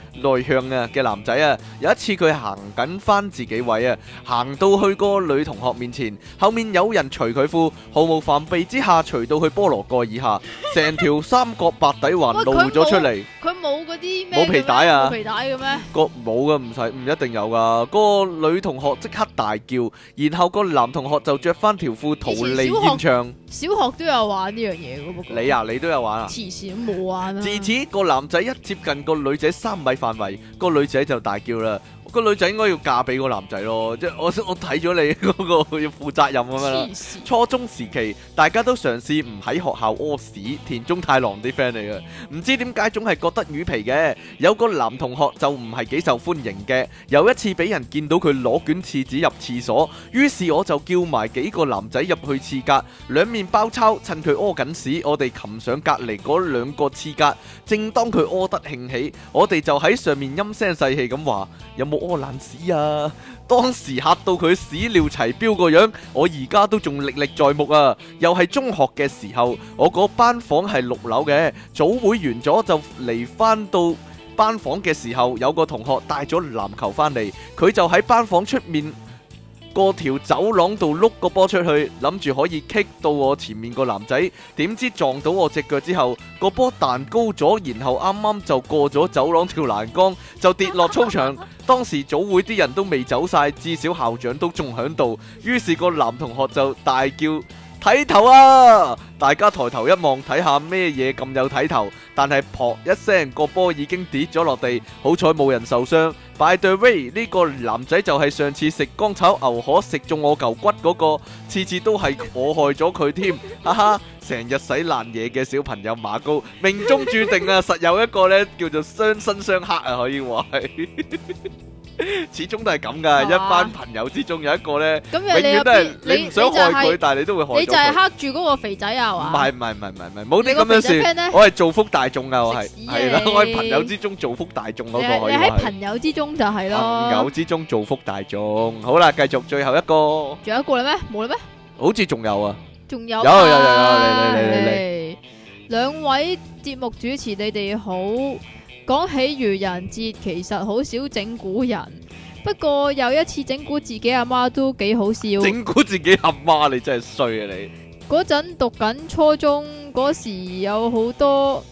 [SPEAKER 1] 內向啊嘅男仔啊，有一次佢行緊翻自己位啊，行到去個女同學面前，後面有人除佢褲，毫無防備之下除到去菠蘿蓋以下，成條三角白底環露咗出嚟。
[SPEAKER 2] 佢冇嗰啲咩冇皮帶啊？冇皮帶嘅咩？
[SPEAKER 1] 個冇噶，唔使，唔一定有噶。個女同學即刻大叫，然後個男同學就着翻條褲逃離現場。
[SPEAKER 2] 小學都有玩呢樣嘢噶？你啊，
[SPEAKER 1] 你都有玩啊？此前都
[SPEAKER 2] 冇玩啊！自此
[SPEAKER 1] 個男仔一接近個女仔三米範係咪個女仔就大叫啦？個女仔應該要嫁俾個男仔咯，即係我我睇咗你嗰個要負責任咁樣。初中時期大家都嘗試唔喺學校屙屎，田中太郎啲 friend 嚟嘅，唔知點解總係覺得魚皮嘅。有個男同學就唔係幾受歡迎嘅。有一次俾人見到佢攞卷廁紙入廁所，於是我就叫埋幾個男仔入去廁格，兩面包抄，趁佢屙緊屎，我哋擒上隔離嗰兩個廁格。正當佢屙得興起，我哋就喺上面陰聲細氣咁話：有冇？我爛屎啊！當時吓到佢屎尿齊飆個樣，我而家都仲歷歷在目啊！又係中學嘅時候，我個班房係六樓嘅，早會完咗就嚟返到班房嘅時候，有個同學帶咗籃球返嚟，佢就喺班房出面。過條走廊度碌個波出去，諗住可以棘到我前面個男仔，點知撞到我隻腳之後，個波彈高咗，然後啱啱就過咗走廊條欄杆，就跌落操場。當時早會啲人都未走晒，至少校長都仲喺度，於是個男同學就大叫。睇頭啊！大家抬頭一望，睇下咩嘢咁有睇頭。但係撲一聲，個波已經跌咗落地，好彩冇人受傷。By the way, 呢個男仔就係上次食乾炒牛河食中我嚿骨嗰個，次次都係我害咗佢添。哈哈，成日使爛嘢嘅小朋友馬高，命中注定啊！實有一個呢，叫做雙生雙黑啊，可以話係。 <laughs> 始終都係咁噶，一班朋友之中有一個咧，永遠都係你唔想害佢，但係你都會害佢。你就係
[SPEAKER 2] 黑住嗰個肥仔啊？嘛，唔係唔係
[SPEAKER 1] 唔係唔係唔係，冇你咁樣算。我係造福大眾啊！我係係啦，我喺朋友之中造福大眾嗰個。你喺朋
[SPEAKER 2] 友之中就係咯，朋友
[SPEAKER 1] 之中造福大眾。好啦，繼續最後一個，
[SPEAKER 2] 仲有一個啦咩？冇啦咩？
[SPEAKER 1] 好似仲有啊？
[SPEAKER 2] 仲有有有有嚟嚟嚟嚟嚟！兩位節目主持，你哋好。講起愚人節，其實好少整蠱人，不過有一次整蠱自己阿媽都幾好笑。整
[SPEAKER 1] 蠱自己阿媽，你真係衰啊！你
[SPEAKER 2] 嗰陣讀緊初中嗰時，有好多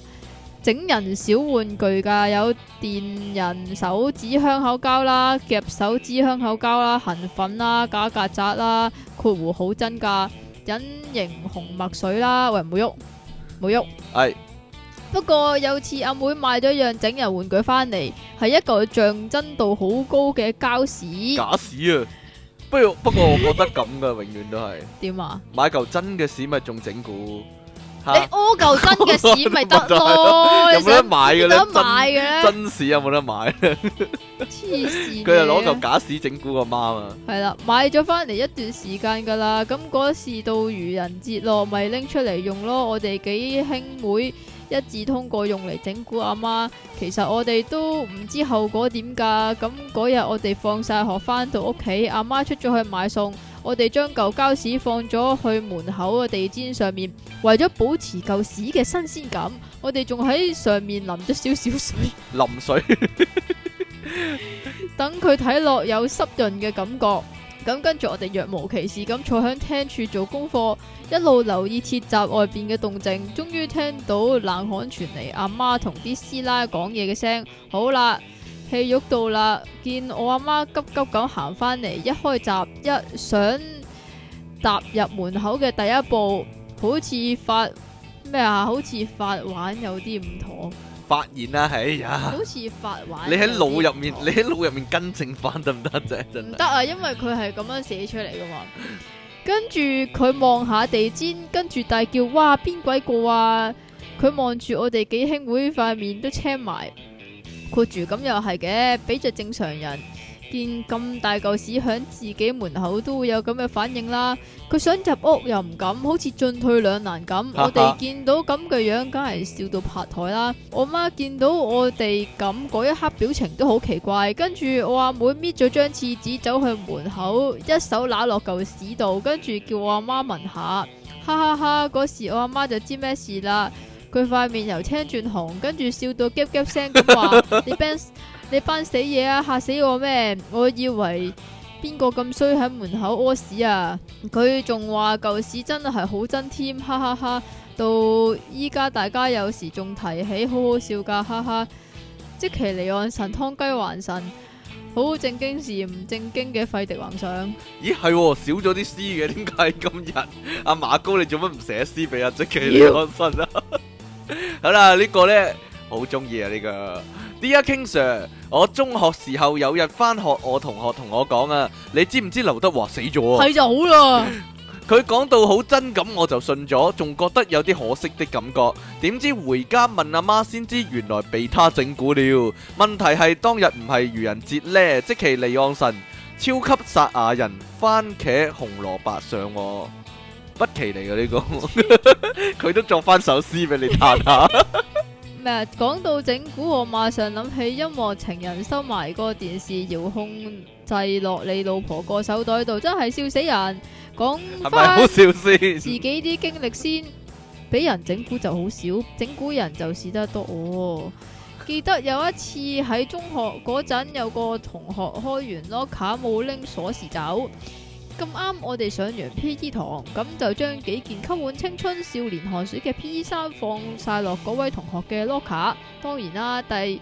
[SPEAKER 2] 整人小玩具噶，有電人手指香口膠啦、夾手指香口膠啦、痕粉啦、假曱甴啦、括弧好真噶、隱形紅墨水啦，喂，唔好喐。冇喐，係。不過有次阿妹買咗樣整人玩具翻嚟，係一嚿象真度好高嘅膠屎假
[SPEAKER 1] 屎啊！不過不過我覺得咁噶，永遠都係點啊？買嚿真嘅屎咪仲整蠱你？屙
[SPEAKER 2] 嚿真嘅屎咪得咯？有冇得買嘅咧？真
[SPEAKER 1] 屎有冇得買咧？
[SPEAKER 2] 黐線！佢就攞嚿假
[SPEAKER 1] 屎整蠱個媽啊！
[SPEAKER 2] 係啦，買咗翻嚟一段時間噶啦，咁嗰時到愚人節咯，咪拎出嚟用咯。我哋幾兄妹。一致通過用嚟整蠱阿媽，其實我哋都唔知後果點噶。咁嗰日我哋放晒學返到屋企，阿媽出咗去買餸，我哋將嚿膠屎放咗去門口嘅地氈上面，為咗保持嚿屎嘅新鮮感，我哋仲喺上面淋咗少少水
[SPEAKER 1] <laughs> 淋水 <laughs> ，
[SPEAKER 2] <laughs> 等佢睇落有濕潤嘅感覺。咁跟住我哋若無其事咁坐響廳處做功課，一路留意鐵閘外邊嘅動靜，終於聽到冷巷傳嚟阿媽同啲師奶講嘢嘅聲。好啦，戲肉到啦，見我阿媽急急咁行翻嚟，一開閘一想踏入門口嘅第一步，好似發咩啊？好似發玩有啲唔妥。
[SPEAKER 1] 發現啦，啊，哎呀！好
[SPEAKER 2] 似發玩，你喺腦入面，
[SPEAKER 1] 你喺腦入面更正翻得唔得啫？真唔得
[SPEAKER 2] 啊，因為佢係咁樣寫出嚟噶嘛。 <laughs> 跟住佢望下地氈，跟住大叫：哇！邊鬼個啊！佢望住我哋幾兄妹塊面都青埋，括住咁又係嘅，比著正常人。見咁大嚿屎響自己門口都會有咁嘅反應啦，佢想入屋又唔敢，好似進退兩難咁。 <laughs> 我哋見到咁嘅樣，樣，梗係笑到拍台啦。我媽見到我哋咁嗰一刻表情都好奇怪，跟住我阿妹搣咗張廁紙走去門口，一手揦落嚿屎度，跟住叫我阿媽聞下，哈哈哈，哈！嗰時我阿媽就知咩事啦，佢塊面由青轉紅，跟住笑到夾夾聲咁話：你 <laughs> 你班死嘢啊！吓死我咩？我以為邊個咁衰喺門口屙屎啊！佢仲話舊屎真係好真添，哈哈哈！到依家大家有時仲提起，好好笑噶，哈哈！積淇離岸神湯雞還神，好正經事唔正經嘅廢迪幻想。
[SPEAKER 1] 咦，係、哦、少咗啲詩嘅，點解今日阿馬高你做乜唔寫詩俾阿積淇離岸神啊？You. <laughs> 好啦，呢、這個呢，好中意啊，呢、這個。Dear King Sir，我中學時候有日翻學，我同學同我講啊，你知唔知劉德華死咗啊？係咗啦，佢講到好真咁，我就信咗，仲覺得有啲可惜的感覺。點知回家問阿媽先知，原來被他整蠱了。問題係當日唔係愚人節呢，積淇離岸神、超級撒亞人、番茄紅蘿蔔上我，不期嚟嘅呢個，佢都作翻首詩俾你彈下。 <laughs> <laughs>
[SPEAKER 2] 咩講到整蠱，我馬上諗起音樂情人收埋個電視遙控掣落你老婆個手袋度，真係笑死人。講翻自己啲經歷先，俾人整蠱就好少，整蠱人就試得多。哦，記得有一次喺中學嗰陣，有個同學開完 lock 卡冇拎鎖匙走。咁啱我哋上完 P.E. 堂，咁就將幾件吸滿青春少年汗水嘅 P.E. 衫放晒落嗰位同學嘅 locker。當然啦，第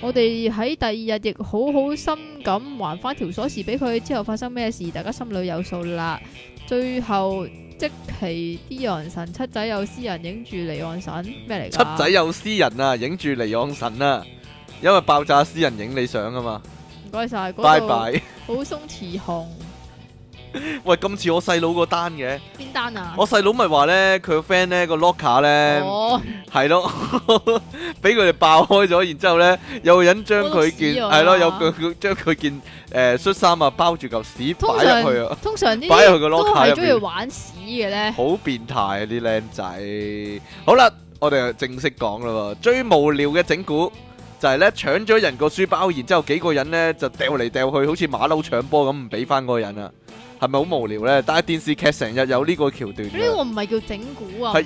[SPEAKER 2] 我哋喺第二日亦好好心咁還翻條鎖匙俾佢。之後發生咩事，大家心裏有數啦。最後即期啲陽神七仔有私人影住離岸神咩嚟？七仔有
[SPEAKER 1] 私人啊，影住離岸神啊，因為爆炸私人影你相啊嘛。唔
[SPEAKER 2] 該晒，拜拜。好鬆弛控。
[SPEAKER 1] 喂，今次我細佬個單嘅
[SPEAKER 2] 邊單啊？我
[SPEAKER 1] 細佬咪話咧，佢、個 friend 咧個 locker 咧，係、哦、對咯，俾佢哋爆開咗，然之後咧，有人將佢件係咯，有佢佢將佢件誒恤衫，啊包住嚿屎擺入去啊，通
[SPEAKER 2] 常 <laughs> 擺入去、er、呢樣都係中意玩屎嘅咧，
[SPEAKER 1] 好變態啊啲靚仔。好啦，我哋正式講啦，最無聊嘅整蠱就係咧搶咗人個書包，然之後，後幾個人咧就掉嚟掉去，好似馬騮搶波咁，唔俾翻嗰個人啊。係咪好無聊咧？但係電視劇成日有呢個橋段。呢個唔
[SPEAKER 2] 係叫整蠱啊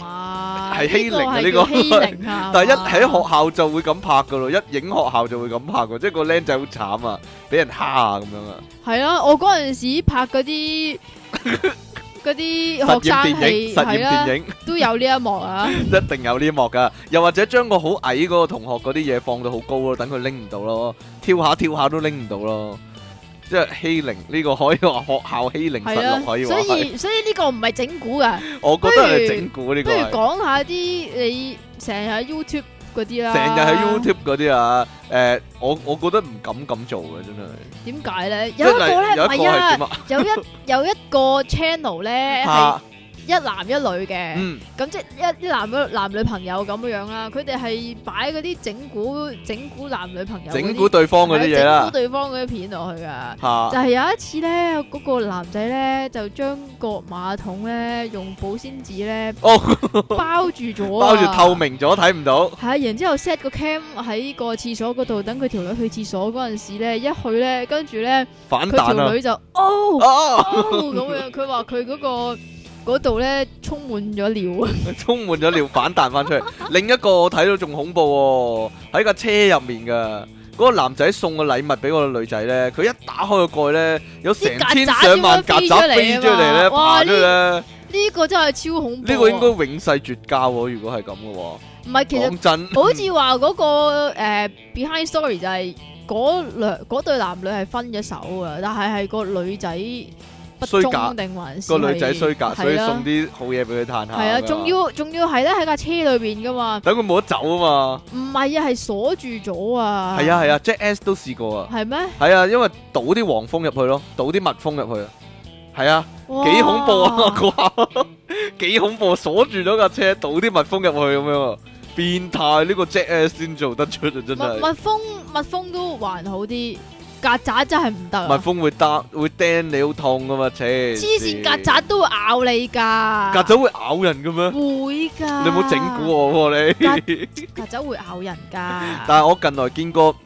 [SPEAKER 2] 嘛，
[SPEAKER 1] 係欺凌啊呢個。欺凌但係一喺學校就會咁拍噶咯， <laughs> 一影學校就會咁拍噶， <laughs> 即係個僆仔好慘啊，俾人蝦啊咁樣啊。
[SPEAKER 2] 係啊，我嗰陣時拍嗰啲嗰啲學生電影、實驗電影、啊、都有呢一幕啊。 <laughs> <laughs>
[SPEAKER 1] 一定有呢一幕噶，又或者將個好矮嗰個同學嗰啲嘢，放到好高咯，等佢拎唔到咯，跳下跳下都拎唔到咯。即係欺凌，呢、呢個可以話學校欺凌實，實、啊、可以所以
[SPEAKER 2] 所以呢個唔係整蠱㗎，我覺得係整蠱
[SPEAKER 1] 呢個。不如講
[SPEAKER 2] 下啲你成日喺 YouTube 嗰啲啦。成日喺 YouTube
[SPEAKER 1] 嗰啲啊，誒，我我覺得唔敢咁做㗎，真係。
[SPEAKER 2] 點解咧？有一個咧，唔係是啊，啊有，有一有一個 channel 咧係。 <laughs> 一男一女嘅，咁即係一男男女朋友咁樣啦。佢哋係擺嗰啲整蠱整蠱男女朋友，整蠱對方嗰啲嘢，整蠱對方嗰啲片落去噶，啊、就係有一次咧，嗰、嗰個男仔咧就將個馬桶咧用保鮮紙咧包住咗，啊，包住透
[SPEAKER 1] 明咗，睇唔到。
[SPEAKER 2] 係啊，然之後 set 個 cam 喺個廁所嗰度，等佢條女去廁所嗰陣時咧，一去咧，跟住咧，佢條彈女就哦哦咁，哦、樣，佢話佢嗰個。嗰度咧充滿咗尿
[SPEAKER 1] 啊！充滿咗尿反彈翻出嚟。另一個我睇到仲恐怖喎，喺架車入面嘅嗰個男仔送個禮物俾個女仔咧，佢一打開個蓋咧，有成千上萬曱甴飛出嚟咧，爬出嚟咧。
[SPEAKER 2] 呢個真係超恐怖！呢個應該
[SPEAKER 1] 永世絕交喎。如果係
[SPEAKER 2] 咁嘅話，唔係其實真好似話嗰個誒，behind sorry 就係嗰兩嗰對男女係分咗手啊。但係係個女仔。衰格定還個女仔衰格？所以送
[SPEAKER 1] 啲好嘢俾佢嘆下。係啊，仲吧要
[SPEAKER 2] 仲要係咧喺架車裏邊噶嘛。
[SPEAKER 1] 等佢冇得走啊嘛。
[SPEAKER 2] 唔係啊，係鎖住咗啊。係啊
[SPEAKER 1] 係啊，Jack S 都試過啊。係咩嗎？係啊，因為倒啲黃蜂入去咯，倒啲蜜蜂入去。啊。係啊哇，幾恐怖啊！佢話幾恐怖，鎖住咗架車，倒啲蜜蜂入去咁樣，變態！呢、這個 Jack S 先做得出啊，真係。蜜
[SPEAKER 2] 蜂，蜜蜂都還好啲。曱甴真係唔得，蜜
[SPEAKER 1] 蜂會叮會釘你好痛噶嘛？黐黐線曱甴
[SPEAKER 2] 都會咬你噶，曱
[SPEAKER 1] 甴會咬人噶咩？會
[SPEAKER 2] 噶，你冇整蠱
[SPEAKER 1] 我喎你，
[SPEAKER 2] 曱甴會咬人噶。
[SPEAKER 1] 但係我近來見過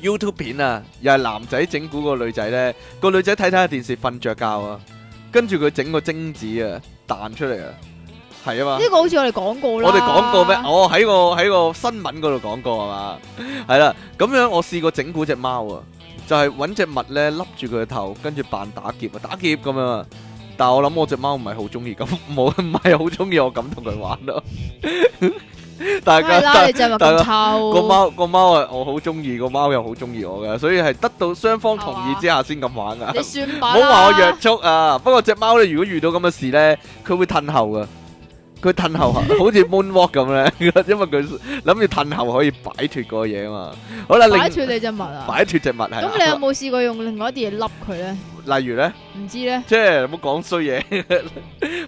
[SPEAKER 1] YouTube 片啊，又係男仔整蠱個女仔咧，個女仔睇睇下電視瞓着覺啊，跟住佢整個貞子啊彈出嚟啊，係啊嘛。呢個
[SPEAKER 2] 好似我哋講過啦，我哋講
[SPEAKER 1] 過咩？我喺個喺個新聞嗰度講過係嘛？係啦，咁樣我試過整蠱隻貓啊。就係揾隻襪咧笠住佢個頭，跟住扮打劫啊，打劫咁樣啊！但係我諗我隻貓唔係好中意咁，冇唔係好中意我咁同佢玩咯。大家大家個貓個貓啊，我好中意個貓又好中意我噶，所以係得到雙方同意之下先咁玩噶。你算吧，唔好話我約束啊！不過隻貓咧，如果遇到咁嘅事咧，佢會褪後噶。佢褪後好似 moonwalk 咁咧，因為佢諗住褪後可以擺脫個嘢啊嘛。好啦，擺脫
[SPEAKER 2] 你隻物啊！擺
[SPEAKER 1] 脫隻物係。咁你有
[SPEAKER 2] 冇試過用另外一啲嘢笠佢咧？例如咧？唔
[SPEAKER 1] 知咧。即係冇講衰嘢。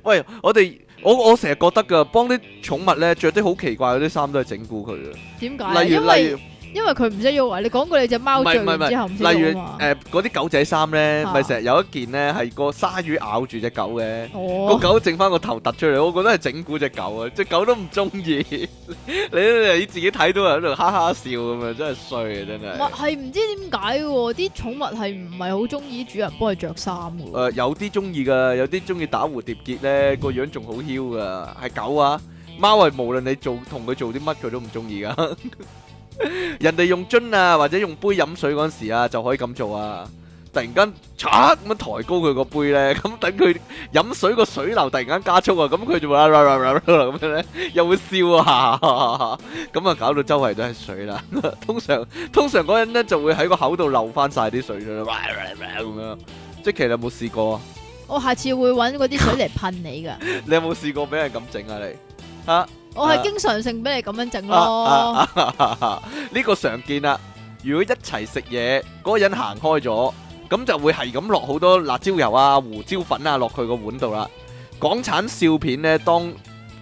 [SPEAKER 1] 喂，我哋我我成日覺得噶，幫啲寵物咧着啲好奇怪嗰啲衫都係整蠱佢啊。
[SPEAKER 2] 點解？例如例如。因為佢唔識要啊，你講過你隻貓着完之後唔識要啊嘛。例如誒，
[SPEAKER 1] 嗰啲狗仔衫咧，咪成日有一件咧係個鯊魚咬住隻狗嘅，個狗剩翻個頭突出嚟，我覺得係整蠱隻狗啊，隻狗都唔中意，你你自己睇到喺度哈哈笑咁啊，真係衰啊，真係。
[SPEAKER 2] 係唔知點解喎？啲寵物係唔係好中意主人幫佢着衫噶？
[SPEAKER 1] 誒，有啲中意噶，有啲中意打蝴蝶結咧，個樣仲好囂噶。係狗啊，貓係無論你做同佢做啲乜，佢都唔中意噶。人哋用樽啊，或者用杯飲水嗰時啊，就可以咁做啊！突然間，嚓咁樣抬高佢個杯咧，咁等佢飲水個水流突然間加速啊，咁佢就會啦啦啦啦咁樣咧，又會笑啊，咁啊搞到周圍都係水啦。通常通常嗰陣咧，就會喺個口度流翻晒啲水出嚟，咁樣。即係其實有冇試過
[SPEAKER 2] 啊？我下次會搵嗰啲水嚟噴你噶。
[SPEAKER 1] 你有冇試過俾人咁整啊？你吓？我係經
[SPEAKER 2] 常性俾你咁樣整咯，
[SPEAKER 1] 呢 <laughs> 個常見啦。如果一齊食嘢，嗰、嗰個人行開咗，咁就會係咁落好多辣椒油啊、胡椒粉啊落去個碗度啦。港產笑片呢，當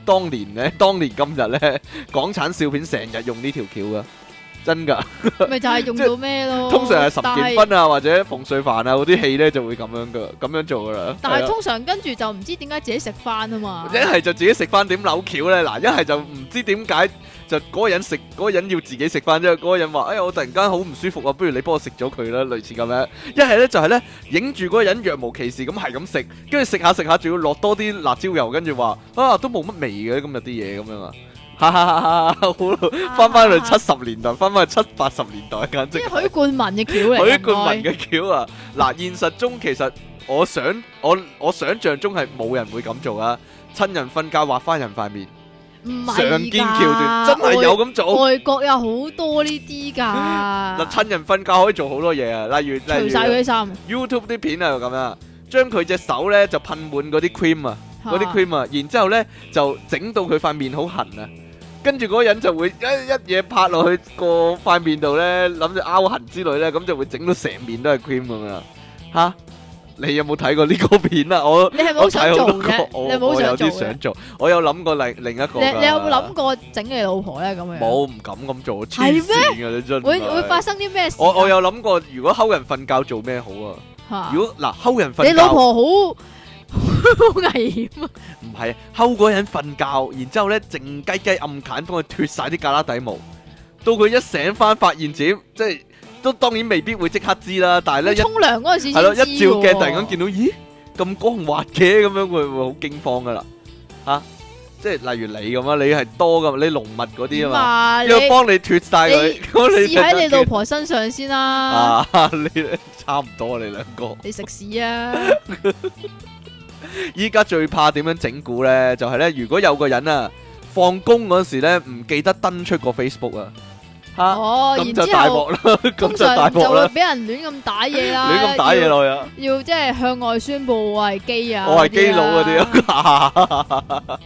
[SPEAKER 1] 當年咧，當年今日呢，港產笑片成日用呢條橋噶。真噶，咪 <laughs> 就
[SPEAKER 2] 係、是、用到咩咯？通常係十件分啊，是
[SPEAKER 1] 或者馮淬帆啊嗰啲戲咧就會咁樣噶，咁樣做噶啦。但係通
[SPEAKER 2] 常跟住就唔知點解自己食翻啊嘛。一係
[SPEAKER 1] 就自己食翻點扭翹咧，嗱一係就唔知點解就嗰個人食嗰個人要自己食翻啫。嗰個人話：哎呀，我突然間好唔舒服啊，不如你幫我食咗佢啦。類似咁樣。一係咧就係咧影住嗰個人若無其事咁係咁食，跟住食下食下仲要落多啲辣椒油，跟住話啊都冇乜味嘅咁有啲嘢咁樣啊。哈哈哈！好翻翻去七十年代，翻翻去七八十年代，簡直許
[SPEAKER 2] 冠文嘅橋嚟。許冠文嘅
[SPEAKER 1] 橋啊！嗱，現實中其實我想，我我想象中係冇人會咁做啊！親人瞓覺畫翻人塊面，唔
[SPEAKER 2] 係常見橋段，真係有咁做。外國有好多呢啲噶。
[SPEAKER 1] 嗱，親人瞓覺可以做好多嘢啊！例如，除晒佢衫。YouTube 啲片啊，咁啊，將佢隻手咧就噴滿嗰啲 cream 啊，嗰啲 cream 啊，然之後咧就整到佢塊面好痕啊！跟住嗰人就會一一嘢拍落去個塊面度咧，諗住凹痕之類咧，咁就會整到成面都係 cream 咁樣。嚇，你有冇睇過呢個片啊？我你係冇想做啫，你冇想做。有啲想做，我有諗過另另一個。你你有冇諗
[SPEAKER 2] 過整你老婆咧咁樣？冇，
[SPEAKER 1] 唔敢咁做，黐線㗎你真。會會發生
[SPEAKER 2] 啲咩事？我我有
[SPEAKER 1] 諗過，如果溝人瞓覺做咩好啊？
[SPEAKER 2] 嚇！如
[SPEAKER 1] 果嗱溝人瞓，你老婆
[SPEAKER 2] 好。 <laughs> 好危險險啊！
[SPEAKER 1] 唔係，偷嗰人瞓覺，然之後咧靜雞雞暗砍幫佢脫晒啲胳肋底毛，到佢一醒翻，發現自己即係都當然未必會即刻知啦。但係咧，沖
[SPEAKER 2] 涼嗰陣時係咯，一照鏡突然間
[SPEAKER 1] 見到咦咁光滑嘅，咁樣會唔會好驚慌噶啦吓。即係例如你咁樣，你係多噶，你濃密嗰啲啊嘛，你要幫你脫晒佢。試喺你，你，你老
[SPEAKER 2] 婆身上先啦、啊
[SPEAKER 1] <laughs> 你差唔多啊，你兩個。
[SPEAKER 2] 你食屎啊！
[SPEAKER 1] 依家最怕點樣整蠱咧？就係、是、咧，如果有個人啊，放工嗰時咧唔記得登出個 Facebook 啊，
[SPEAKER 2] 吓，咁、哦、就大鑊 <laughs> 啦，
[SPEAKER 1] 咁就大鑊啦，俾
[SPEAKER 2] 人亂咁打嘢啦，亂咁打嘢咯，要即係向外宣布我係基啊，我係基佬嗰啲
[SPEAKER 1] 啊，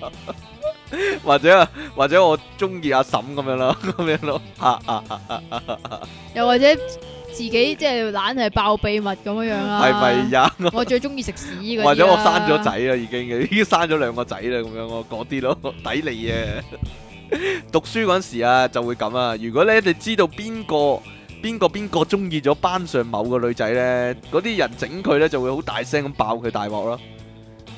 [SPEAKER 1] 或者或者我中意阿嬸咁樣咯，咁樣咯，
[SPEAKER 2] 又或者。自己即係懶係爆秘密咁樣啊！係咪呀？我最鍾意食屎嗰啲啦。或者我生咗仔
[SPEAKER 1] 啊，已經嘅已經生咗兩個仔啦，咁樣我講啲咯，抵你啊！讀書嗰陣時啊，就會咁啊。如果咧你知道邊個邊個邊個鍾意咗班上某個女仔咧，嗰啲人整佢咧就會好大聲咁爆佢大鑊咯。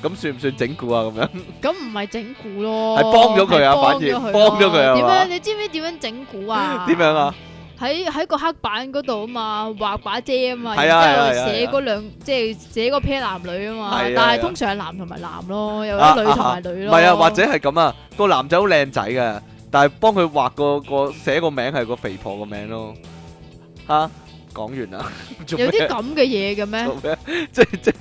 [SPEAKER 1] 咁算唔算整蠱啊？咁樣
[SPEAKER 2] 咁唔係整蠱咯，係幫咗佢啊！反而幫咗佢啊！點樣？你知唔知點樣整蠱啊？點樣啊？喺喺個黑板嗰度啊嘛，畫把遮啊嘛，然之後寫嗰兩即係寫嗰 pair 男女啊嘛，但係通常係男同埋男咯，有啲女同埋女咯。唔係啊，或
[SPEAKER 1] 者係咁啊，個男仔好靚仔㗎，但係幫佢畫個個寫個名係個肥婆個名咯。吓，講完啦，有啲咁
[SPEAKER 2] 嘅嘢嘅咩？
[SPEAKER 1] 即係即係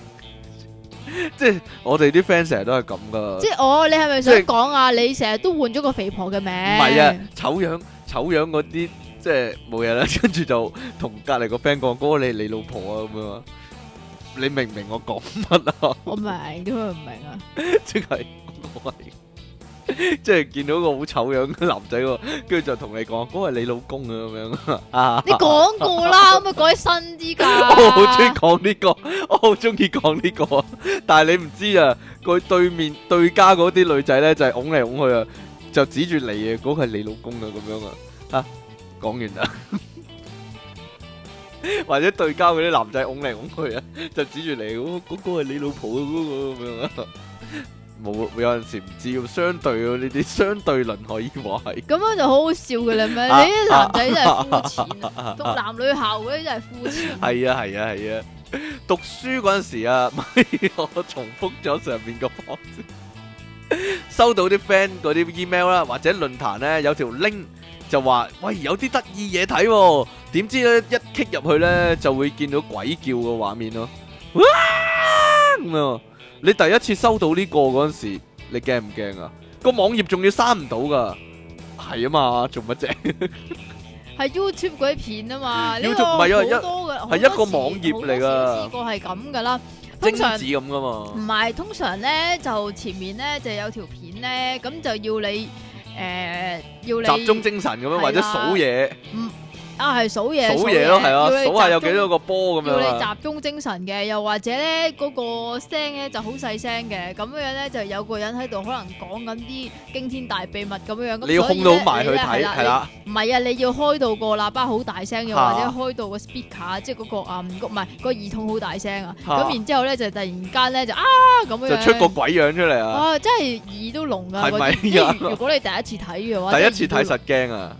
[SPEAKER 1] 即係我哋啲 friend 成日都係咁噶。即係
[SPEAKER 2] 我你係咪想講啊？你成日都換咗個肥婆嘅名？唔係啊，
[SPEAKER 1] 醜樣醜樣嗰啲。即係冇嘢啦，跟住就同隔籬個 friend 講：個，你你老婆啊咁樣，你明唔明我講乜啊？
[SPEAKER 2] 我明點會唔明啊？即係我
[SPEAKER 1] 係即係見到個好醜樣嘅男仔喎，跟住就同你講：個係你老公啊咁樣啊！你講過啦，
[SPEAKER 2] 咁啊改新啲噶。我好
[SPEAKER 1] 中意講呢個，我好中意講呢個，但係你唔知啊，佢對面對家嗰啲女仔咧就係擁嚟擁去啊，就指住你啊，嗰個係你老公啊咁樣啊啊！講完啦，或者對交嗰啲男仔拱嚟拱去啊，就指住你，嗰個係你老婆嗰個咁樣，冇有陣時唔知，相對呢啲相對論可以話係，咁
[SPEAKER 2] 樣就好好笑噶啦咩？你啲男仔真係膚淺，讀男女校嗰啲真係膚
[SPEAKER 1] 淺，係啊係啊係啊，讀書嗰陣時啊，咪我重複咗上面個 post，收到啲 friend 嗰啲 email 啦，或者論壇咧有條 link。就話喂，有啲得意嘢睇點知咧一 click 入去咧就會見到鬼叫嘅畫面咯。你第一次收到呢個嗰陣時，你驚唔驚啊？個網頁仲要刪唔到噶，係啊嘛，做乜啫？
[SPEAKER 2] 係 YouTube 嗰啲片啊嘛，呢個唔係啊，多嘅係一個網頁嚟噶個係咁噶啦，正常
[SPEAKER 1] 咁噶嘛？
[SPEAKER 2] 唔係，通常咧就前面咧就有條片咧，咁就要你。誒、呃、要你集中精神咁樣，或者數嘢。嗯。啊，係數嘢，數嘢咯，係啊，數下有幾多個
[SPEAKER 1] 波咁樣。要你集
[SPEAKER 2] 中精神嘅，又或者咧嗰個聲咧就好細聲嘅，咁樣咧就有個人喺度可能講緊啲驚天大秘密咁樣。你要控到埋去睇，係啦，唔係啊，你要開到個喇叭好大聲，又或者開到個 speaker，即係嗰個啊唔唔係個耳筒好大聲啊。咁然之後咧就突然間咧就啊咁樣，就出個
[SPEAKER 1] 鬼樣出嚟啊！啊，
[SPEAKER 2] 真係耳都聾㗎！係咪呀？如果你第一次睇嘅話，第一次睇
[SPEAKER 1] 實驚啊！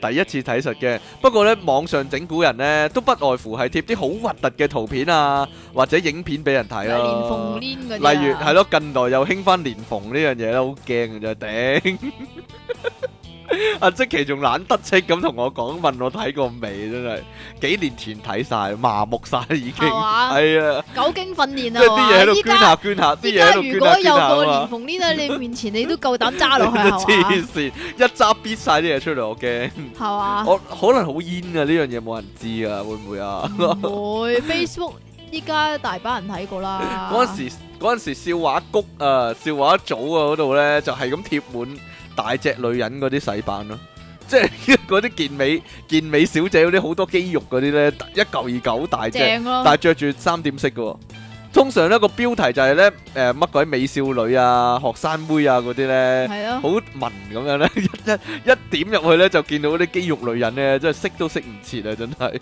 [SPEAKER 1] 第一次睇實嘅，不過呢網上整蠱人呢都不外乎係貼啲好核突嘅圖片啊，或者影片俾人睇咯、啊。啊、例如係咯，近代又興翻蓮蓬呢樣嘢咧，好驚就真頂。 <laughs> 阿積淇仲懶得戚咁同我講，問我睇過未？真係幾年前睇晒，麻木晒已經。係啊吧，
[SPEAKER 2] 久經訓練啊，即係啲嘢喺度捐下捐下，啲嘢喺度捐下捐下啊嘛。依家如果有個蓮蓬呢喺你面前， <laughs> 你都夠膽揸落去？黐線，
[SPEAKER 1] 一揸逼晒啲嘢出嚟，我驚。係嘛吧？我可能好煙啊，呢樣嘢冇人知啊，會唔會啊？會。
[SPEAKER 2] <laughs> Facebook 依家大把人睇過啦。嗰陣 <laughs> 時
[SPEAKER 1] 嗰陣時笑話谷啊、呃，笑話組啊，嗰度咧就係咁貼滿。大隻女人嗰啲細版咯，即係嗰啲健美健美小姐嗰啲好多肌肉嗰啲咧，一嚿二嚿大隻，咯但係著住三點式嘅、哦。通常呢個標題就係咧誒乜鬼美少女啊、學生妹啊嗰啲咧，好文咁樣咧，一一點入去咧就見到啲肌肉女人咧，真係識都識唔切啊！真係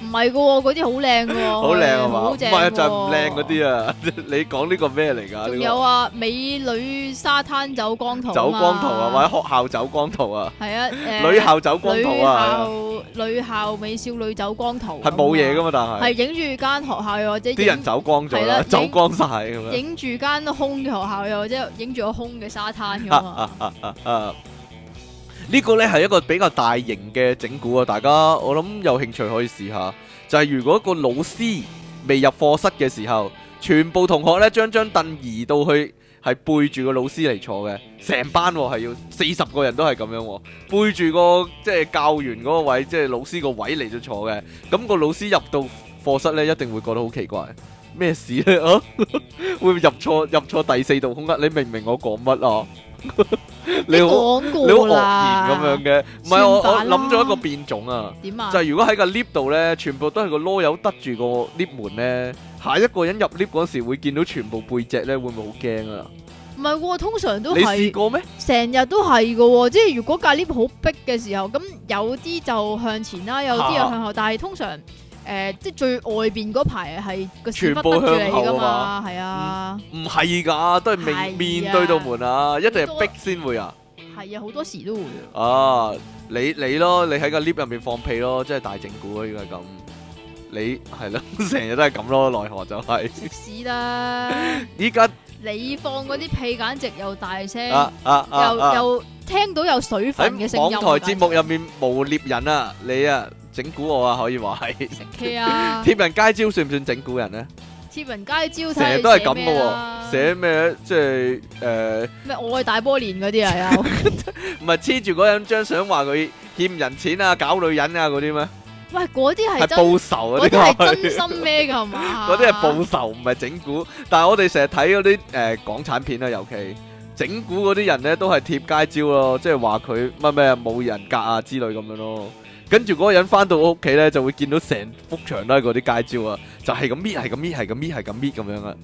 [SPEAKER 2] 唔係嘅喎，嗰啲好靚嘅喎，好靚係嘛？好正，唔係就係唔
[SPEAKER 1] 靚嗰啲啊！你講呢個咩嚟㗎？仲有啊，
[SPEAKER 2] 美女沙灘走光圖啊，走光圖啊，或
[SPEAKER 1] 者學校走光圖啊，係啊，
[SPEAKER 2] 女校走光圖啊，女校美少女走光圖係
[SPEAKER 1] 冇嘢㗎嘛？但係係
[SPEAKER 2] 影住間學校又或者啲人
[SPEAKER 1] 走光咗。走光晒咁拍樣，影
[SPEAKER 2] 住間空嘅學校又或者影住個空嘅沙灘咁 <laughs> 啊。
[SPEAKER 1] 呢個呢係一個比較大型嘅整蠱啊！大家我諗有興趣可以試下，就係、是，如果個老師未入課室嘅時候，全部同學呢將張凳移到去係背住個老師嚟坐嘅，成班係要四十個人都係咁樣背住個即係教員嗰個位，即、就、係、是、老師個位嚟到坐嘅。咁、那個老師入到課室呢，一定會覺得好奇怪。咩事咧？哦，會唔會入錯入錯第四道空間？你明唔明我講乜啊？你講過啦，你好愕然咁樣嘅。唔係我我諗咗一個變種啊。點啊？就如果喺個 lift 度咧，全部都係個囉柚得住個 lift 門咧，下一個人入 lift 嗰時會見到全部背脊咧，會唔會好驚啊？
[SPEAKER 2] 唔係喎，通常都係。你試過咩？成日都係嘅喎，即係如果架 lift 好逼嘅時候，咁有啲就向前啦，有啲又向後，但係通常。誒，即係最外邊嗰排係個屎忽對住你噶嘛，係啊，
[SPEAKER 1] 唔係噶，都係面面對到門啊，一定係逼先會啊，
[SPEAKER 2] 係啊，好多時都會
[SPEAKER 1] 啊，你你咯，你喺個 lift 入面放屁咯。即係大整蠱，應該係咁，你係咯，成日都係咁咯，奈何就係食屎
[SPEAKER 2] 啦，依家你放嗰啲屁簡直又大聲，
[SPEAKER 1] 又又
[SPEAKER 2] 聽到有水分嘅聲音，港台節目
[SPEAKER 1] 入面冇獵人啊，你啊！整蠱我啊，可以話係。貼人街招算唔算整蠱人咧？
[SPEAKER 2] 貼人街招成日都係咁嘅，寫咩？即係誒咩愛大波鏈嗰啲啊？
[SPEAKER 1] 唔係黐住嗰張相話佢欠人錢啊、搞女人啊嗰啲咩？
[SPEAKER 2] 喂，嗰啲係報仇嗰啲，嗰啲係真心咩嘅係嘛？嗰
[SPEAKER 1] 啲係報仇，唔係整蠱。但係我哋成日睇嗰啲誒港產片啊，尤其整蠱嗰啲人咧，都係貼街招咯，即係話佢乜咩冇人格啊之類咁樣咯。跟住嗰個人翻到屋企咧，就會見到成幅牆都係嗰啲街招啊，就係咁搣，係咁搣，係咁搣，係咁搣咁樣啊！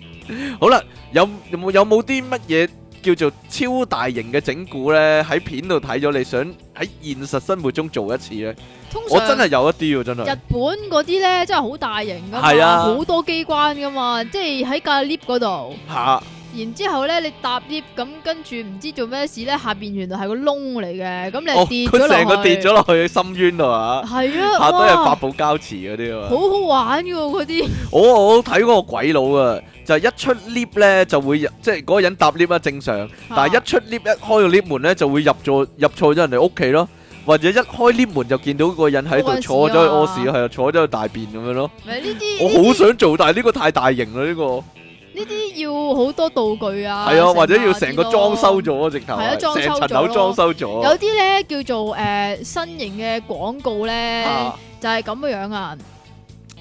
[SPEAKER 1] <laughs> 好啦，有有冇有冇啲乜嘢叫做超大型嘅整蠱咧？喺片度睇咗，你想喺現實生活中做一次咧？通常我真係有一啲喎、啊，真係。日
[SPEAKER 2] 本嗰啲咧真係好大型噶嘛，好、啊、多機關噶嘛，即係喺架 lift 嗰度。嚇！然之後咧，你搭 lift 咁跟住唔知做咩事咧，下邊原來係個窿嚟嘅，咁你跌咗落去。哦，佢成個跌咗落
[SPEAKER 1] 去深淵度啊！係啊的，下邊係八寶膠池嗰啲啊。好
[SPEAKER 2] 哇好玩噶嗰啲。
[SPEAKER 1] 我我睇嗰個鬼佬啊，就係、是、一出 lift 咧就會入，即係嗰個人搭 lift 啊正常，但係一出 lift 一開 lift 門咧就會入錯入錯咗人哋屋企咯，或者一開 lift 門就見到個人喺度坐咗喺屙屎係啊，坐咗喺大便咁樣咯。咪
[SPEAKER 2] 呢啲？我好想
[SPEAKER 1] 做，但係呢個太大型啦呢、呢個。
[SPEAKER 2] 呢啲要好多道具啊，係啊，啊或者要成個裝修
[SPEAKER 1] 咗直頭成層樓裝修咗。有
[SPEAKER 2] 啲咧叫做誒新型嘅廣告咧，就係咁嘅樣啊。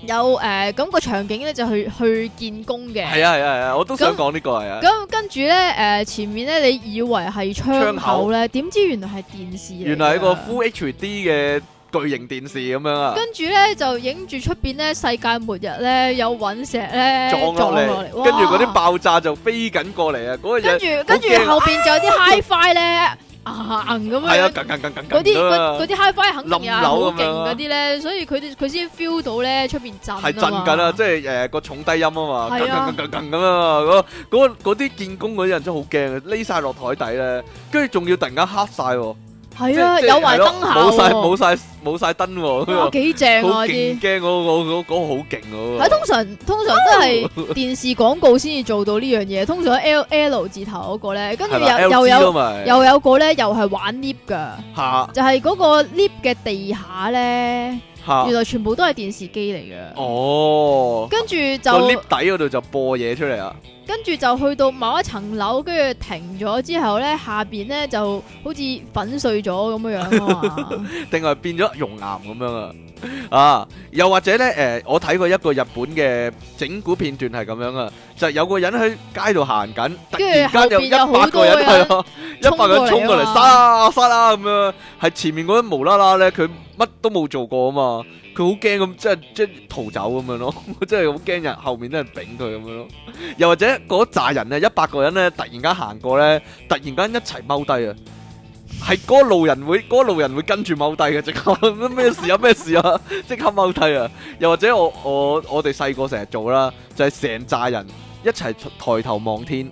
[SPEAKER 2] 有誒咁個場景咧就去去建工嘅，係啊係啊係啊，我都想講呢、這個那、嗯、啊。咁跟住咧誒前面咧你以為係窗口咧，點口知原來係電視，原來係個
[SPEAKER 1] Full HD 嘅。巨型電視咁樣啊，跟
[SPEAKER 2] 住咧就影住出邊咧世界末日咧有隕石咧撞落嚟，跟住嗰
[SPEAKER 1] 啲爆炸就飛緊過嚟啊！嗰跟住跟住
[SPEAKER 2] 後邊就有啲 hi-fi 咧，咁樣，嗰啲嗰嗰啲 hi-fi 肯定啊，勁嗰啲咧，所以佢哋佢先 feel 到咧出邊震啊係震緊啊！
[SPEAKER 1] 即係誒個重低音啊嘛，緊緊咁啊，嗰啲建工嗰啲人都好驚啊，匿晒落台底咧，跟住仲要突然間黑晒喎。
[SPEAKER 2] 係啊，有壞燈下冇晒冇
[SPEAKER 1] 晒冇晒燈喎，幾正啊，驚我我我嗰個好勁啊，係通常
[SPEAKER 2] 通常都係電視廣告先至做到呢樣嘢，通常 L L 字頭嗰個咧，跟住又又有又有個咧又係玩 lift 嘅，就係嗰個 lift 嘅地下咧，原來全部都係電視機嚟嘅。
[SPEAKER 1] 哦，跟住就 lift 底嗰度就播嘢出嚟啊。
[SPEAKER 2] 跟住就去到某一層樓，跟住停咗之後咧，下邊咧就好似粉碎咗咁樣樣、啊，
[SPEAKER 1] 定係 <laughs> 變咗熔岩咁樣啊？啊，又或者咧，誒、呃，我睇過一個日本嘅整蠱片段係咁樣啊，就係、有個人喺街度行緊，突然間有一百個人係咯，
[SPEAKER 2] 一百個人， <laughs> 人衝過嚟、 <laughs> 啊，沙啦沙啦
[SPEAKER 1] 咁樣，係前面嗰啲無啦啦咧，佢乜都冇做過啊嘛。佢好驚咁，即係將逃走咁樣咯，我真係好驚人後面都係頂佢咁樣咯。又或者嗰扎人咧，一百個人咧，突然間行過咧，突然間一齊踎低啊！係嗰路人會，嗰個路人會跟住踎低嘅，即刻咩事啊咩事啊，即刻踎低啊！又或者我我我哋細個成日做啦，就係成扎人一齊抬頭望天，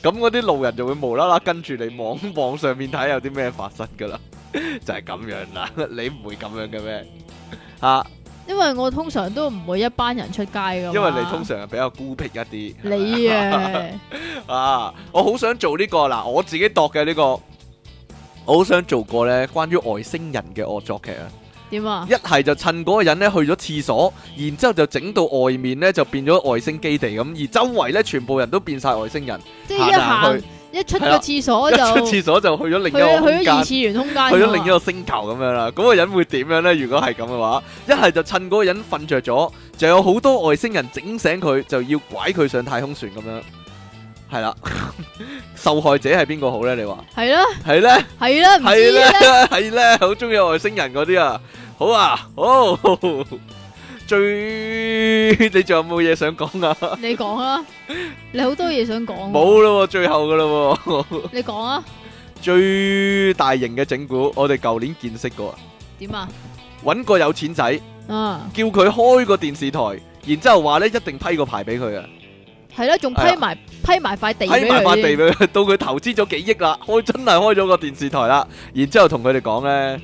[SPEAKER 1] 咁嗰啲路人就會無啦啦跟住你望望上面睇有啲咩發生噶啦，就係咁樣啦。你唔會咁樣嘅咩？吓，
[SPEAKER 2] 啊、因為我通常都唔會一班人出街噶。因為你通
[SPEAKER 1] 常比較孤僻一啲。你
[SPEAKER 2] 啊，
[SPEAKER 1] 啊，的啊我好想做呢個嗱，我自己度嘅呢個，我好想做過呢關於外星人嘅惡作劇啊。點啊？一係就趁嗰個人呢去咗廁所，然之後就整到外面呢就變咗外星基地咁，而周圍呢全部人都變晒外星人，
[SPEAKER 2] 一出個廁所就，一出廁
[SPEAKER 1] 所就去咗另一間，去咗二次元空
[SPEAKER 2] 間，去咗另一
[SPEAKER 1] 個星球咁樣啦。嗰個人會點樣咧？如果係咁嘅話，一係就趁嗰個人瞓着咗，就有好多外星人整醒佢，就要拐佢上太空船咁樣。係啦，受害者係邊個好咧？你話係啦，係
[SPEAKER 2] 咧，係咧，
[SPEAKER 1] 係咧，好中意外星人嗰啲啊！好啊，好。最你仲有冇嘢想講啊？你
[SPEAKER 2] 講啊！ <laughs> 你好多嘢想講。冇啦，
[SPEAKER 1] 最後噶啦。 <laughs> 你講
[SPEAKER 2] 啊吧！
[SPEAKER 1] 最大型嘅整蠱，我哋舊年見識過。
[SPEAKER 2] 點啊？
[SPEAKER 1] 搵個有錢仔，嗯，叫佢開個電視台，然之後話咧一定批個牌俾佢啊。
[SPEAKER 2] 係啦，仲、哎、呀批埋批埋塊地，批埋塊地俾佢。
[SPEAKER 1] 到佢投資咗幾億啦，開真係開咗個電視台啦。然之後同佢哋講咧。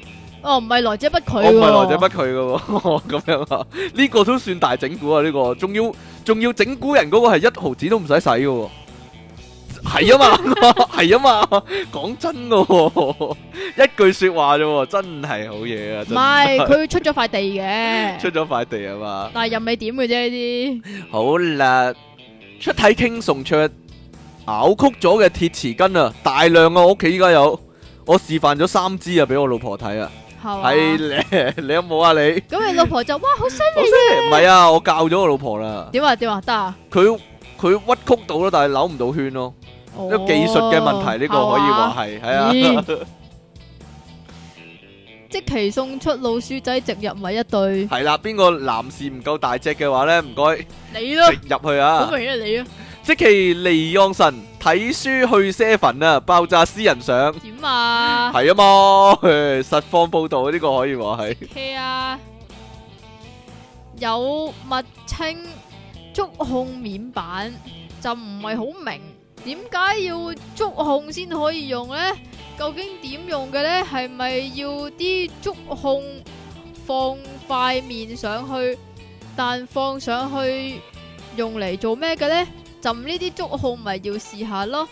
[SPEAKER 2] 哦，唔係來者不拒喎。我唔係來者不
[SPEAKER 1] 拒嘅喎，咁樣啊？呢個都算大整蠱啊！呢個仲要仲要整蠱人嗰個係一毫子都唔使使嘅喎，係啊嘛，係啊嘛，講真嘅喎，一句説話啫喎，真係好嘢啊！唔係佢
[SPEAKER 2] 出咗塊地嘅，出
[SPEAKER 1] 咗塊地啊嘛，
[SPEAKER 2] 但係又未點嘅啫呢啲。
[SPEAKER 1] 好啦，出體 King 送出拗曲咗嘅鐵匙羹啊！大量啊！我屋企依家有，我示範咗三支啊，俾我老婆睇啊！係你，你有冇啊你？
[SPEAKER 2] 咁你老婆就哇，好犀利啊！唔係啊，
[SPEAKER 1] 我教咗我老婆啦。點啊點啊得啊！佢佢屈曲到咯，但係扭唔到圈咯，
[SPEAKER 2] 因技術嘅問題呢個可以話係係啊！即其送出老鼠仔直入咪一對。
[SPEAKER 1] 係啦，邊個男士唔夠大隻嘅話咧，唔該
[SPEAKER 2] 你咯，直入去啊！咁咪依家你啊！
[SPEAKER 1] 即淇離岸神睇書去寫墳啊！爆炸私人相點啊？係啊嘛！實況報道呢個可以話係。
[SPEAKER 2] 有物清觸控面板就唔係好明，點解要觸控先可以用呢？究竟點用嘅呢？係咪要啲觸控放塊面上去？但放上去用嚟做咩嘅呢？咁呢啲觸控咪要試下咯，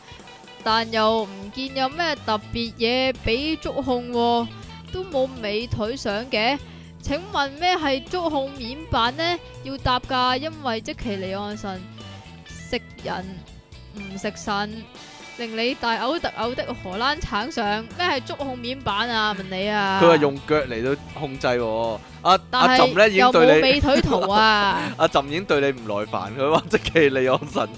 [SPEAKER 2] 但又唔見有咩特別嘢俾觸控，都冇美腿相嘅。請問咩係觸控面板呢？要答噶，因為積淇離岸神食人唔食神，令你大嘔特嘔的荷蘭橙上咩係觸控面板啊？問你啊，佢話
[SPEAKER 1] 用腳嚟到控制。阿阿朕咧已經對你，有冇美腿
[SPEAKER 2] 圖啊？
[SPEAKER 1] 阿朕已經對你唔耐煩，佢話積淇離岸神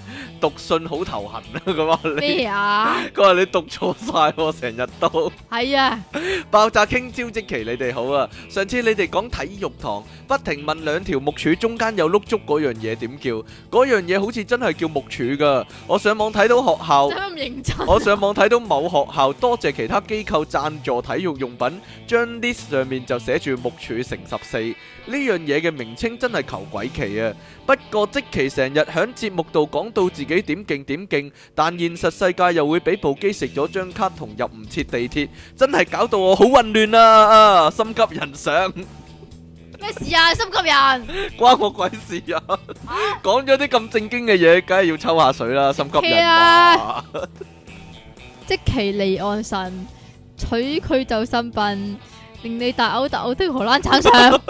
[SPEAKER 1] 讀信好頭痕啊！佢話你啊，佢話你讀錯曬喎，成日都係啊！爆炸 king 積淇你哋好啊！上次你哋講體育堂，不停問兩條木柱中間有碌竹嗰樣嘢點叫？嗰樣嘢好似真係叫木柱㗎。我上網睇到學校，
[SPEAKER 2] 我上
[SPEAKER 1] 網睇到某學校多謝其他機構贊助體育用品，將 list 上面就寫住木柱成十。四呢樣嘢嘅名稱真係求鬼奇啊！不過積淇成日響節目度講到自己點勁點勁，但現實世界又會俾部機食咗張卡同入唔切地鐵，真係搞到我好混亂啊！啊，心急人上
[SPEAKER 2] 咩 <laughs> 事啊？心急人 <laughs>
[SPEAKER 1] 關我鬼事啊！講咗啲咁正經嘅嘢，梗係要抽下水啦！心急人啊！
[SPEAKER 2] <laughs> 積淇離岸神娶佢就身份，令你大嘔大嘔的荷蘭鏟上，
[SPEAKER 1] 賤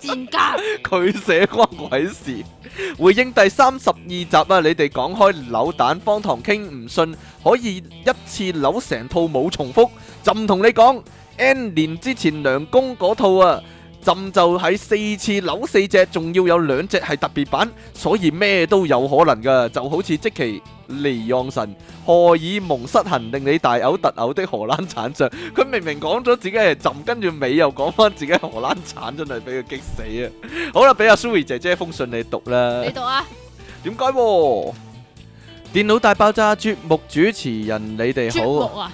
[SPEAKER 1] 格 <laughs> 家！佢寫關鬼事， <laughs> 回應第三十二集啊！你哋講開扭蛋，方糖，傾唔信，可以一次扭成套冇重複。朕同你講，N 年之前，梁公嗰套啊。朕就喺四次扭四隻，仲要有兩隻係特別版，所以咩都有可能噶。就好似積淇離岸神荷爾蒙失衡令你大嘔特嘔的荷蘭鏟將，佢明明講咗自己係朕，跟住尾又講翻自己係荷蘭鏟，真係俾佢激死啊！好啦，俾阿蘇怡姐姐封信你讀啦，
[SPEAKER 2] 你
[SPEAKER 1] 讀啊？點解？電腦大爆炸節目、啊、 <laughs> 節目主持人，你哋好。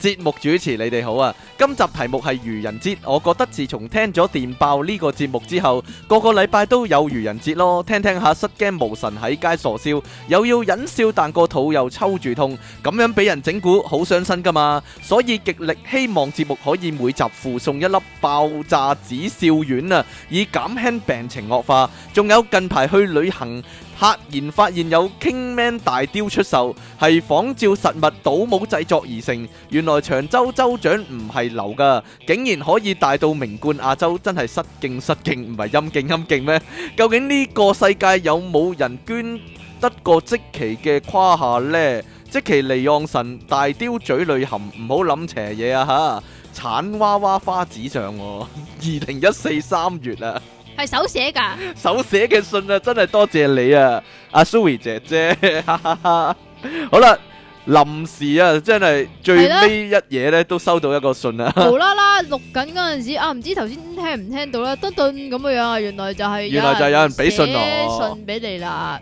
[SPEAKER 1] 節目主持，你哋好啊！今集題目係愚人節，我覺得自從聽咗《電爆》呢個節目之後，個個禮拜都有愚人節咯。聽聽下失驚無神喺街傻笑，又要忍笑但個肚又抽住痛，咁樣俾人整蠱好傷身噶嘛！所以極力希望節目可以每集附送一粒爆炸止笑丸啊，以減輕病情惡化。仲有近排去旅行。赫然發現有 Kingman 大雕出售，係仿照實物倒模製作而成。原來長洲州長唔係流噶，竟然可以大到名冠亞洲，真係失敬失敬，唔係陰敬陰敬咩？究竟呢個世界有冇人捐得過積淇嘅胯下呢？積淇離岸神大雕嘴裡含，唔好諗邪嘢啊！吓、啊，鏟娃娃花紙上、啊，二零一四三月啊！
[SPEAKER 2] 係手寫噶
[SPEAKER 1] 手寫嘅信啊，真係多謝你啊，阿 Sue 姐姐。哈哈！好啦，臨時啊，真係最尾一夜咧，的都收到一個信啊，無啦
[SPEAKER 2] 啦錄緊嗰陣時啊，唔知頭先聽唔聽到啦，得頓咁嘅樣啊，原來就係原來就係有人俾信我，信俾你啦。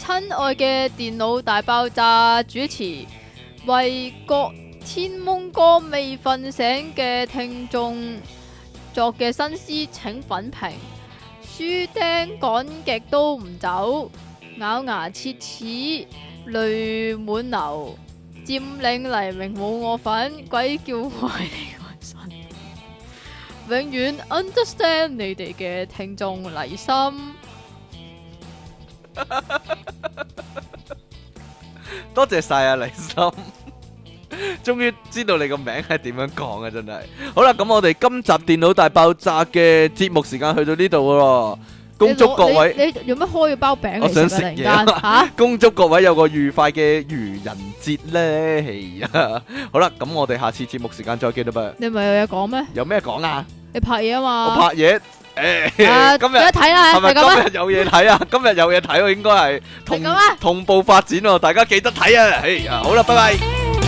[SPEAKER 2] 親愛嘅電腦大爆炸主持，為各天矇光未瞓醒嘅聽眾作嘅新詩，請品評。豬釘趕極都唔走，咬牙切齒淚滿流。佔領黎明冇我份，鬼叫壞你個心。永遠 understand 你哋嘅聽眾黎心，
[SPEAKER 1] 多謝晒啊黎心。終於知道你個名係點樣講啊！真係好啦，咁我哋今集電腦大爆炸嘅節目時間去到呢度咯，恭祝各位你
[SPEAKER 2] 用乜開嘅包餅我想食嘢突然間吓？
[SPEAKER 1] 恭祝各位有個愉快嘅愚人節咧，係啊！好啦，咁我哋下次節目時間再見到吧。你咪有嘢
[SPEAKER 2] 講咩？
[SPEAKER 1] 有咩講啊？你
[SPEAKER 2] 拍嘢啊嘛？我拍
[SPEAKER 1] 嘢誒！今日睇啦吓，係咪今日有嘢睇啊？今日有嘢睇咯，應該係同同步發展哦，大家記得睇啊！嘿，好啦，拜拜。